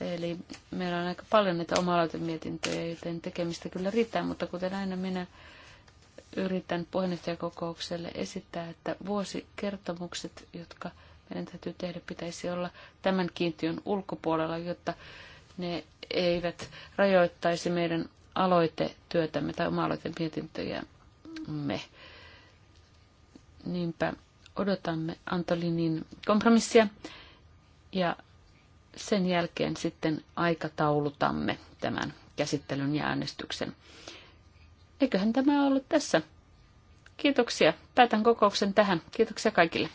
S2: Eli meillä on aika paljon näitä oma mietintöjä, joten tekemistä kyllä riittää, mutta kuten aina minä yritän puheenjohtajakokoukselle esittää, että vuosikertomukset, jotka meidän täytyy tehdä, pitäisi olla tämän kiintiön ulkopuolella, jotta ne eivät rajoittaisi meidän aloitetyötämme tai oma-aloitemietintöjämme. Niinpä odotamme Antolinin kompromissia ja sen jälkeen sitten aikataulutamme tämän käsittelyn ja äänestyksen. Eiköhän tämä ollut tässä. Kiitoksia. Päätän kokouksen tähän. Kiitoksia kaikille.